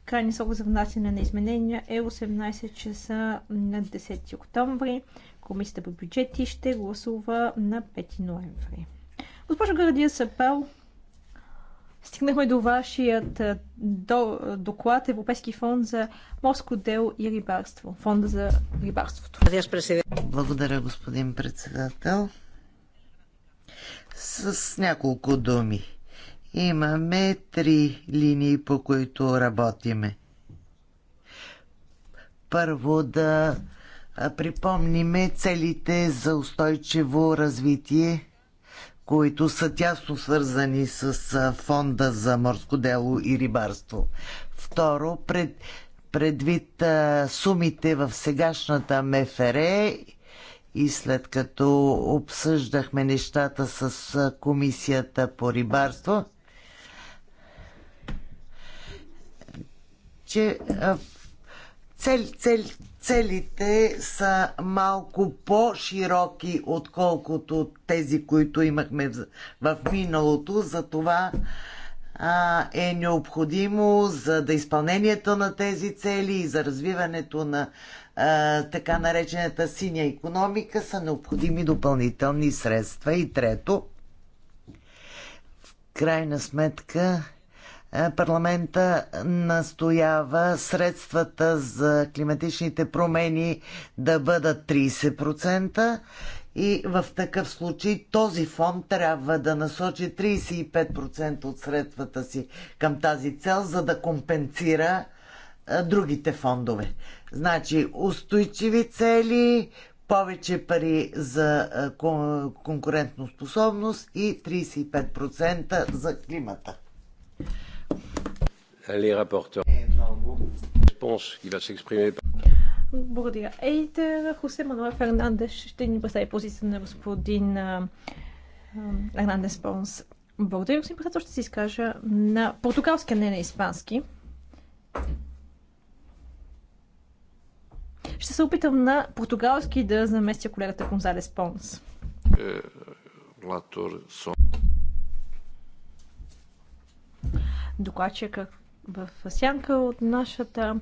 Крайни срок за внасяне на изменения е 18 часа на 10 октомври. Комисията по бюджети ще гласува на 5 ноември. Госпожо Градия Сапел, стигнахме до вашият до, доклад Европейски фонд за морско дело и рибарство. Фонда за рибарството. Благодаря, господин председател. С няколко думи. Имаме три линии, по които работиме. Първо да припомниме целите за устойчиво развитие, които са тясно свързани с Фонда за морско дело и рибарство. Второ, пред, предвид сумите в сегашната МФР и след като обсъждахме нещата с Комисията по рибарство, че цел, цел, целите са малко по-широки, отколкото тези, които имахме в, в миналото. Затова а, е необходимо за да изпълнението на тези цели и за развиването на а, така наречената синя економика са необходими допълнителни средства. И трето, в крайна сметка е, парламента настоява средствата за климатичните промени да бъдат 30% и в такъв случай този фонд трябва да насочи 35% от средствата си към тази цел, за да компенсира е, другите фондове. Значи устойчиви цели, повече пари за е, конкурентоспособност и 35% за климата. Е, Благодаря. Ейте, Хосе Мануел Фернандес ще ни представи позицията на господин Фернандес Понс. Благодаря, господин председател. Ще се изкажа на португалски, а не на испански. Ще се опитам на португалски да заместя колегата Гонзалес Понс. Латор е, е, Сон докладчика в сянка от нашата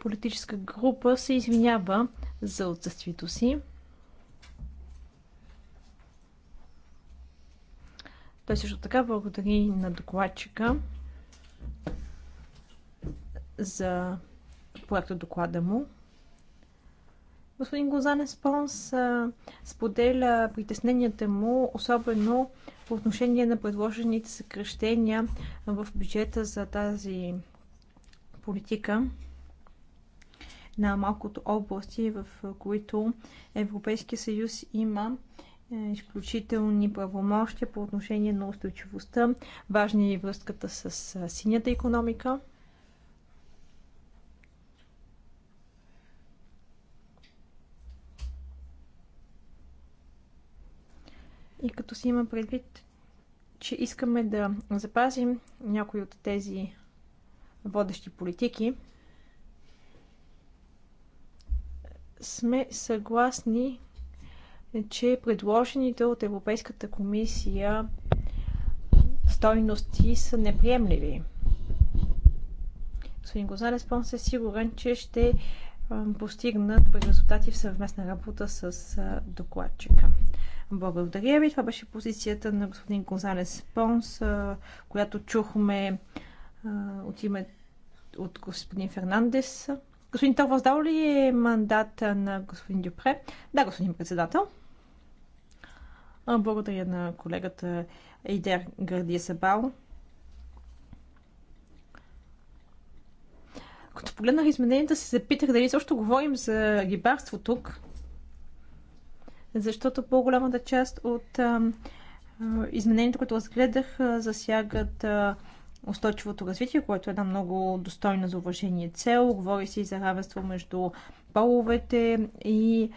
политическа група се извинява за отсъствието си. Той също така благодари на докладчика за проекта доклада му. Господин Гозанес Понс споделя притесненията му, особено по отношение на предложените съкръщения в бюджета за тази политика на малкото области, в които Европейския съюз има е, изключителни правомощия по отношение на устойчивостта. важни е и връзката с синята економика. И като си има предвид, че искаме да запазим някои от тези водещи политики, сме съгласни, че предложените от Европейската комисия стойности са неприемливи. Господин Гозалес Понс е сигурен, че ще постигнат резултати в съвместна работа с докладчика. Благодаря ви. Това беше позицията на господин Гонзалес Понс, която чухме от име от господин Фернандес. Господин Торвас, дал ли е мандата на господин Дюпре? Да, господин председател. Благодаря на колегата Идер Гърдия Сабал. Като погледнах измененията, се запитах дали също говорим за гибарство тук защото по-голямата част от измененията, които разгледах, засягат устойчивото развитие, което е една много достойна за уважение цел. Говори се и за равенство между половете и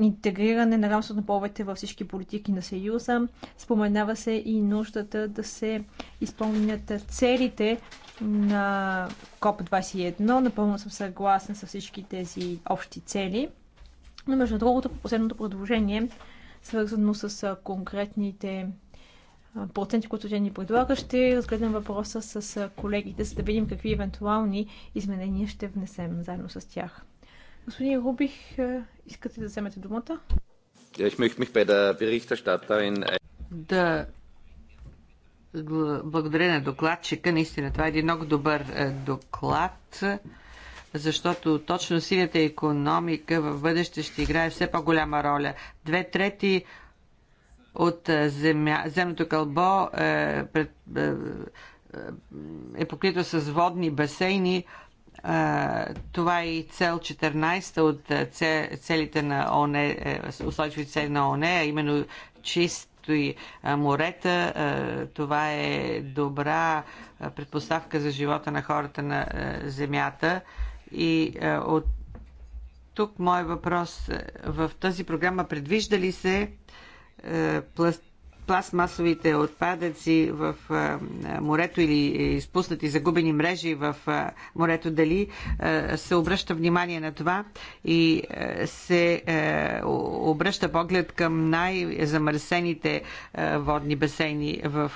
интегриране на равенството на половете във всички политики на Съюза. Споменава се и нуждата да се изпълнят целите на КОП-21. Напълно съм съгласна с всички тези общи цели. Но между другото, по последното предложение, свързано с конкретните проценти, които тя ни предлага, ще разгледам въпроса с колегите, за да видим какви евентуални изменения ще внесем заедно с тях. Господин Рубих, искате да вземете думата? Äh, да, благодаря на докладчика. Наистина, това е един много добър е, доклад защото точно синята економика в бъдеще ще играе все по-голяма роля. Две трети от е, земя, земното кълбо е, пред, е, е, е покрито с водни басейни. Е, това е и цел 14 от целите на ОНЕ, устойчиви цели на ОНЕ, а именно чисто и морета. Това е добра предпоставка за живота на хората на Земята. И е, от тук мой въпрос е, в тази програма предвижда ли се е, пласт пластмасовите отпадъци в морето или изпуснати загубени мрежи в морето, дали се обръща внимание на това и се обръща поглед към най-замърсените водни басейни в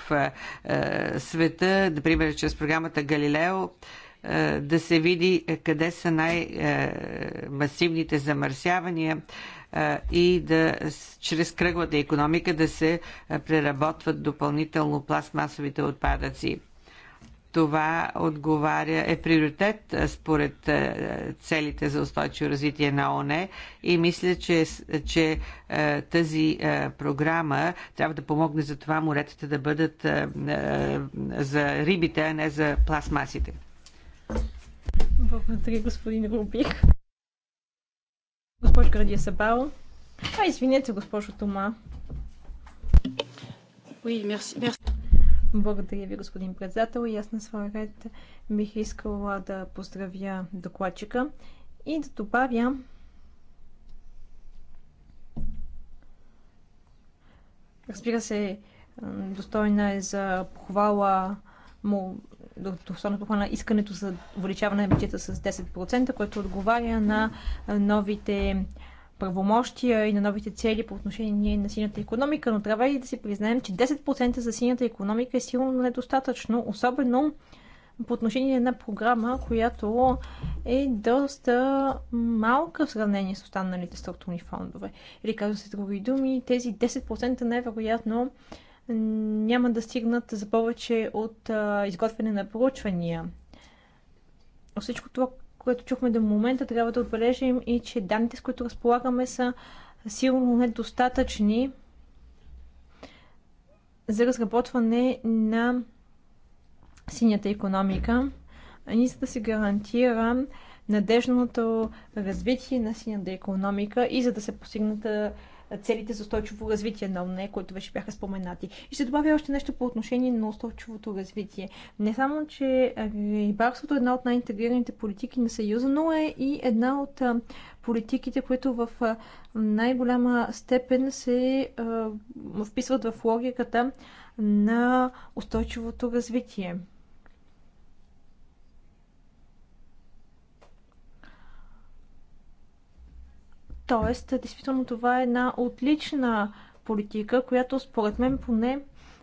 света, например чрез програмата Галилео е, да се види е, къде са най-масивните е, замърсявания и да чрез кръглата економика да се преработват допълнително пластмасовите отпадъци. Това отговаря, е приоритет според целите за устойчиво развитие на ОНЕ и мисля, че, че тази програма трябва да помогне за това моретата да бъдат за рибите, а не за пластмасите. Благодаря, господин Рубих. Госпожо Градия Сабао. А, извинете, госпожо Тома. Oui, merci, merci. Благодаря ви, господин председател. И аз на своя ред бих искала да поздравя докладчика и да добавя Разбира се, достойна е за похвала му до основното на искането за увеличаване на бюджета с 10%, което отговаря на новите правомощия и на новите цели по отношение на синята економика, но трябва и да си признаем, че 10% за синята економика е силно недостатъчно, особено по отношение на програма, която е доста малка в сравнение с останалите структурни фондове. Или казвам се други думи, тези 10% най-вероятно няма да стигнат за повече от изготвяне на проучвания. всичко това, което чухме до момента, трябва да отбележим и, че данните, с които разполагаме, са силно недостатъчни за разработване на синята економика, и за да се гарантира надежното развитие на синята економика и за да се постигнат целите за устойчиво развитие на ОНЕ, които вече бяха споменати. И ще добавя още нещо по отношение на устойчивото развитие. Не само, че рибарството е една от най-интегрираните политики на Съюза, но е и една от политиките, които в най-голяма степен се вписват в логиката на устойчивото развитие. Тоест, действително това е една отлична политика, която според мен поне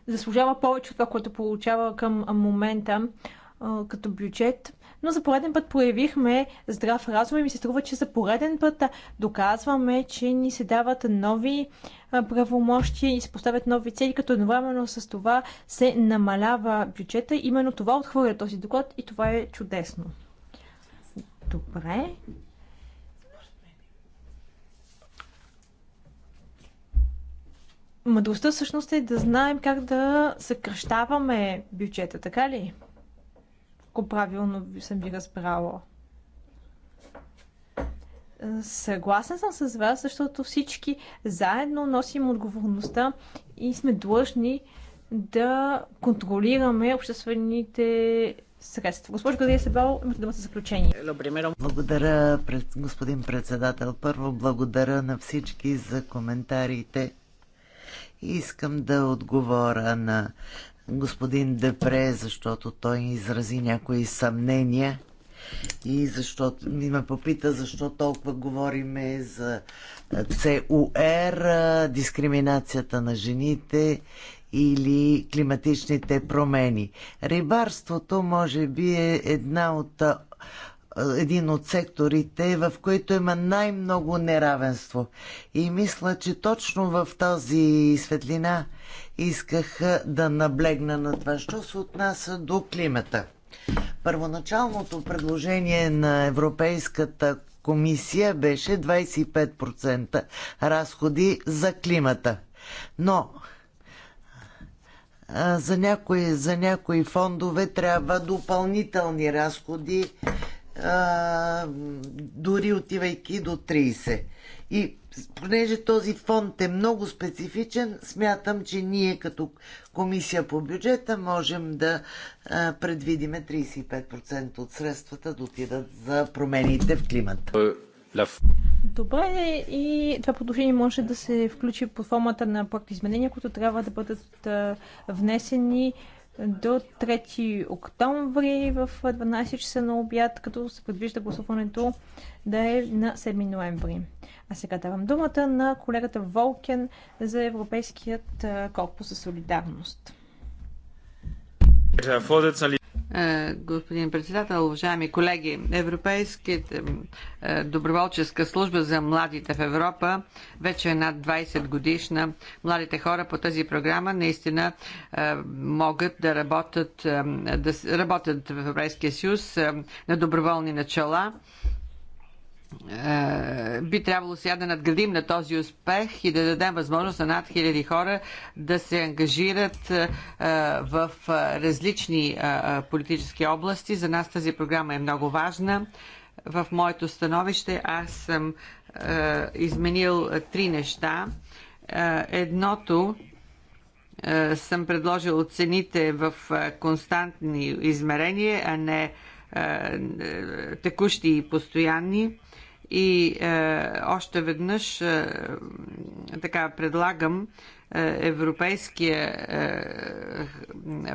заслужава повече от това, което получава към момента като бюджет. Но за пореден път проявихме здрав разум и ми се струва, че за пореден път доказваме, че ни се дават нови правомощия и се поставят нови цели, като едновременно с това се намалява бюджета. Именно това отхвърля този доклад и това е чудесно. Добре, Мъдростта всъщност е да знаем как да съкръщаваме бюджета, така ли? Ако правилно съм ви разбрала. Съгласен съм с вас, защото всички заедно носим отговорността и сме длъжни да контролираме обществените средства. Госпожо Гадия Себал, имате думата за заключение. Е, благодаря, господин председател. Първо благодаря на всички за коментарите Искам да отговоря на господин Депре, защото той изрази някои съмнения и защото ми ме попита защо толкова говориме за ЦУР, дискриминацията на жените или климатичните промени. Рибарството може би е една от един от секторите, в които има най-много неравенство. И мисля, че точно в тази светлина исках да наблегна на това. Що се отнася до климата? Първоначалното предложение на Европейската комисия беше 25% разходи за климата. Но за някои, за някои фондове трябва допълнителни разходи дори отивайки до 30. И понеже този фонд е много специфичен, смятам, че ние като комисия по бюджета можем да а, предвидиме 35% от средствата да отидат за промените в климата. Добре, и това предложение може да се включи под формата на проект изменения, които трябва да бъдат внесени до 3 октомври в 12 часа на обяд, като се предвижда гласуването да е на 7 ноември. А сега давам думата на колегата Волкен за Европейският корпус за солидарност. Е, господин председател, уважаеми колеги. Европейската е, доброволческа служба за младите в Европа вече е над 20 годишна. Младите хора по тази програма наистина е, могат да работят, да работят в Европейския съюз на доброволни начала е, би трябвало сега да надградим на този успех и да дадем възможност на над хиляди хора да се ангажират е, в различни е, политически области. За нас тази програма е много важна. В моето становище аз съм изменил три неща. Едното съм предложил цените в константни измерения, а не текущи и постоянни и е, още веднъж е, така предлагам е, Европейския е,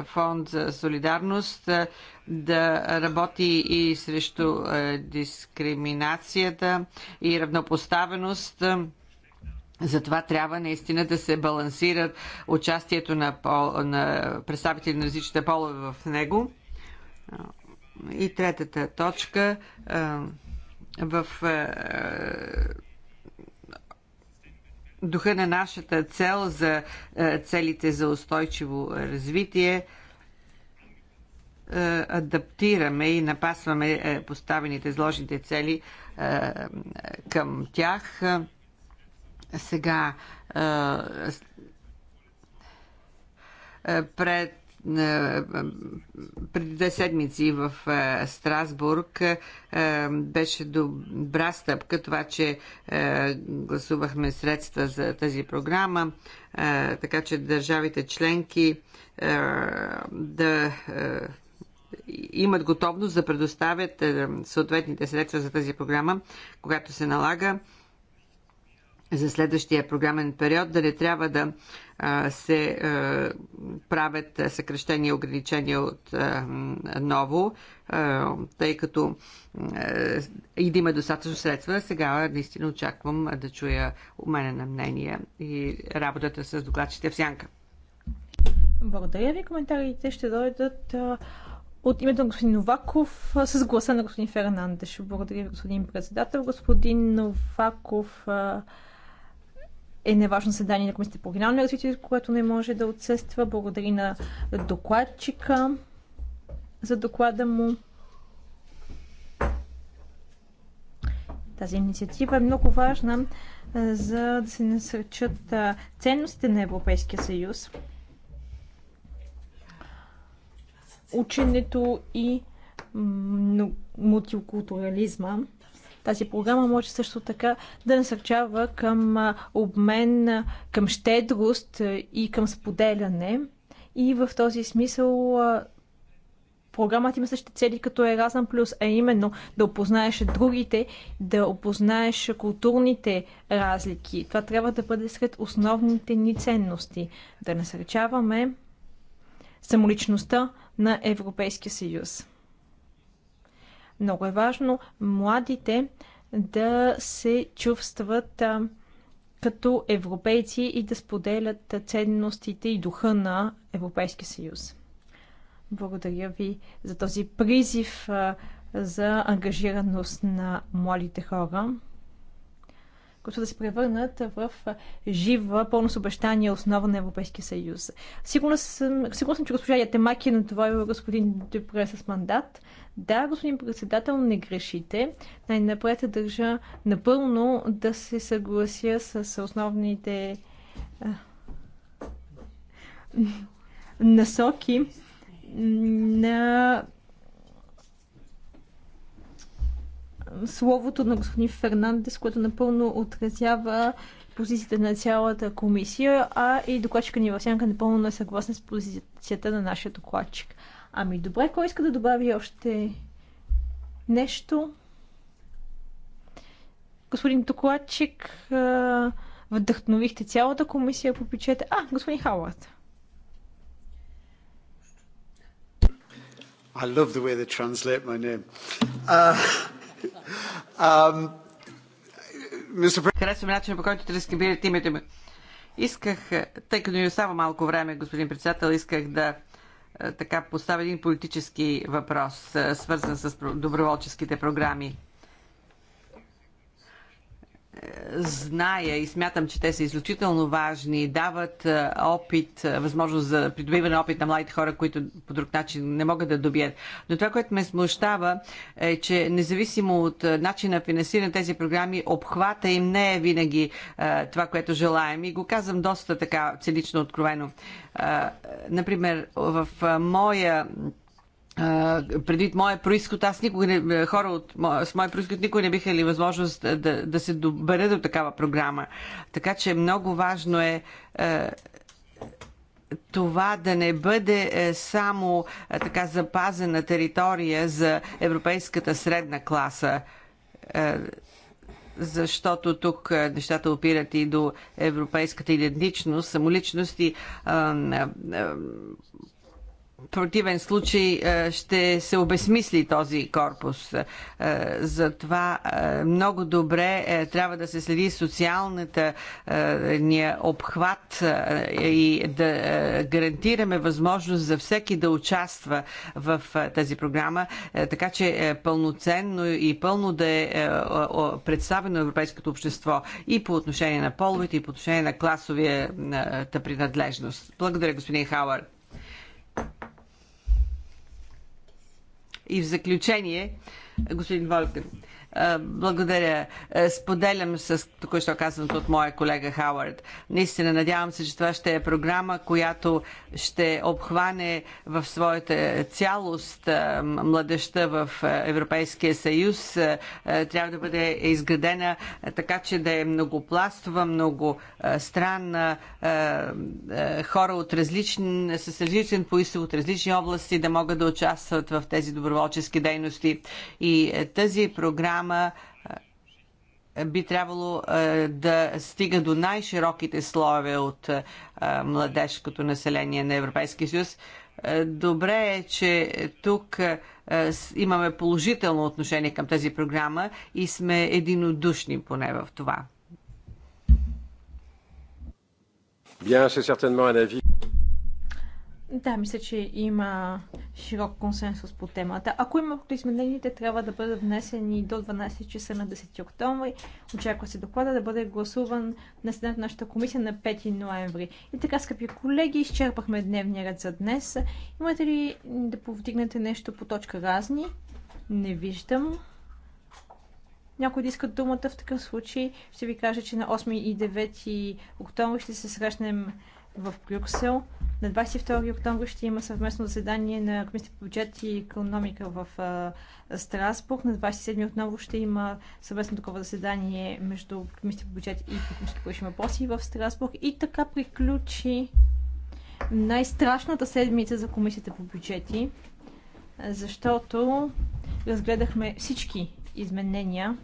фонд за солидарност е, да работи и срещу е, дискриминацията и равнопоставеност. затова трябва наистина да се балансира участието на, пол, на представители на различните полове в него. И третата точка. Е, в е, духа на нашата цел за е, целите за устойчиво развитие е, адаптираме и напасваме поставените, изложните цели към тях. Сега пред е, е, преди две седмици в е, Страсбург беше добра стъпка това, че гласувахме средства за тази програма, така че държавите членки да имат готовност да предоставят съответните средства за тази програма, когато се налага за следващия програмен период, да не трябва да се правят съкрещения и ограничения от ново, тъй като и да има достатъчно средства. Сега наистина очаквам да чуя мене на мнение и работата с докладчите в сянка. Благодаря ви. Коментарите ще дойдат от името на господин Новаков с гласа на господин Фернандеш. Благодаря ви, господин председател. Господин Новаков е неважно съдание на Комисията по регионално развитие, което не може да отсъства. Благодари на докладчика за доклада му. Тази инициатива е много важна за да се насърчат ценностите на Европейския съюз, ученето и мултикултурализма. Тази програма може също така да насърчава към обмен, към щедрост и към споделяне. И в този смисъл програмата има същите цели като Еразъм Плюс, а именно да опознаеш другите, да опознаеш културните разлики. Това трябва да бъде сред основните ни ценности. Да насърчаваме самоличността на Европейския съюз. Много е важно младите да се чувстват а, като европейци и да споделят ценностите и духа на Европейския съюз. Благодаря ви за този призив а, за ангажираност на младите хора, които да се превърнат в жива, пълно с обещание основа на Европейския съюз. Сигурна съм, сигурна съм че госпожа Ятемаки е на това е господин Дюпре с мандат, да, господин председател, не грешите. Най-напред държа напълно да се съглася с основните насоки на словото на господин Фернандес, което напълно отразява позицията на цялата комисия, а и докладчика ни в сянка напълно не е съгласен с позицията на нашия докладчик. Ами добре, кой иска да добави още нещо? Господин Токладчик, вдъхновихте цялата комисия по печете. А, господин Хауарт. I love the way they translate my name. Uh, um, Харесвам начинът по който транскрибирате името ми. Исках, тъй като ни остава малко време, господин председател, исках да е, така поставя един политически въпрос, е, свързан с доброволческите програми зная и смятам, че те са изключително важни и дават е, опит, е, възможност за придобиване опит на младите хора, които по друг начин не могат да добият. Но това, което ме смущава е, че независимо от е, начина на финансиране тези програми, обхвата им не е винаги това, което желаем. И го казвам доста така целично откровено. например, в моя предвид моя происход, аз никога не, хора от, с моя происход никога не биха ли възможност да, да се добере до такава програма. Така че много важно е, е това да не бъде е, само е, така запазена територия за европейската средна класа. защото тук нещата опират и до европейската идентичност, самоличност и противен случай е, ще се обесмисли този корпус. Е, затова е, много добре трябва да се следи социалната ния обхват и да гарантираме възможност за всеки да участва в тази програма, така че пълноценно и пълно да е представено европейското общество и по отношение на половите, и по отношение на класовията принадлежност. Благодаря, господин Хауърд. И в заключение, господин Волкен, благодаря. Е, споделям с току-що казаното от моя колега Хауърд. Наистина, надявам се, че това ще е програма, която ще обхване в своята цялост младеща в Европейския съюз. Трябва да бъде изградена така, че да е многопластова, странна. хора от различни, с различен поисък от различни области да могат да участват в тези доброволчески дейности. И е, тази програма програма е, би трябвало е, да стига до най-широките слоеве от е, младежкото население на Европейския съюз. Добре е, че тук имаме положително отношение към тази програма и сме единодушни поне в това. Да, мисля, че има широк консенсус по темата. Ако има изменените, трябва да бъдат внесени до 12 часа на 10 октомври. Очаква се доклада да бъде гласуван на следната нашата комисия на 5 ноември. И така, скъпи колеги, изчерпахме дневния ред за днес. Имате ли да повдигнете нещо по точка разни? Не виждам. Някой да иска думата в такъв случай. Ще ви кажа, че на 8 и 9 октомври ще се срещнем в Брюксел. На 22 октомври ще има съвместно заседание на Комисията по бюджет и економика в Страсбург. На 27 отново ще има съвместно такова заседание между Комисията по бюджет и Комисията по лични въпроси в Страсбург. И така приключи най-страшната седмица за Комисията по бюджети, защото разгледахме всички изменения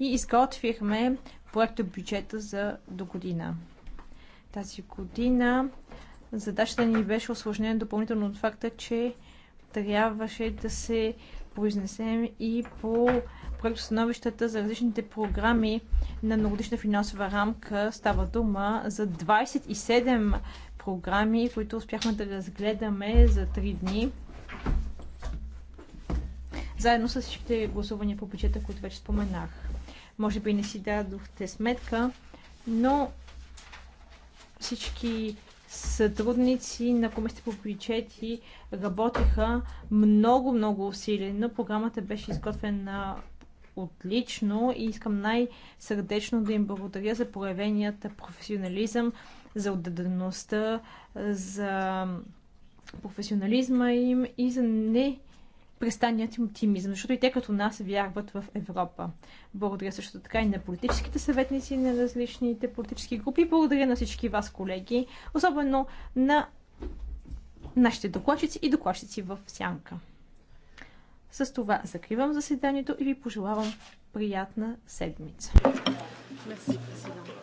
и изготвихме проекта бюджета за до година. Тази година задачата ни беше осложнена допълнително от факта, че трябваше да се произнесем и по проектостановищата за различните програми на многодишна финансова рамка. Става дума за 27 програми, които успяхме да разгледаме за 3 дни. Заедно с всичките гласувания по бюджета, които вече споменах. Може би не си дадохте сметка, но всички сътрудници на комисията по бюджети работеха много, много усилено. Програмата беше изготвена отлично и искам най-сърдечно да им благодаря за проявенията професионализъм, за отдадеността, за професионализма им и за не престаният им оптимизъм, защото и те като нас вярват в Европа. Благодаря също така и на политическите съветници на различните политически групи. Благодаря на всички вас, колеги, особено на нашите докладчици и докладчици в сянка. С това закривам заседанието и ви пожелавам приятна седмица. Merci,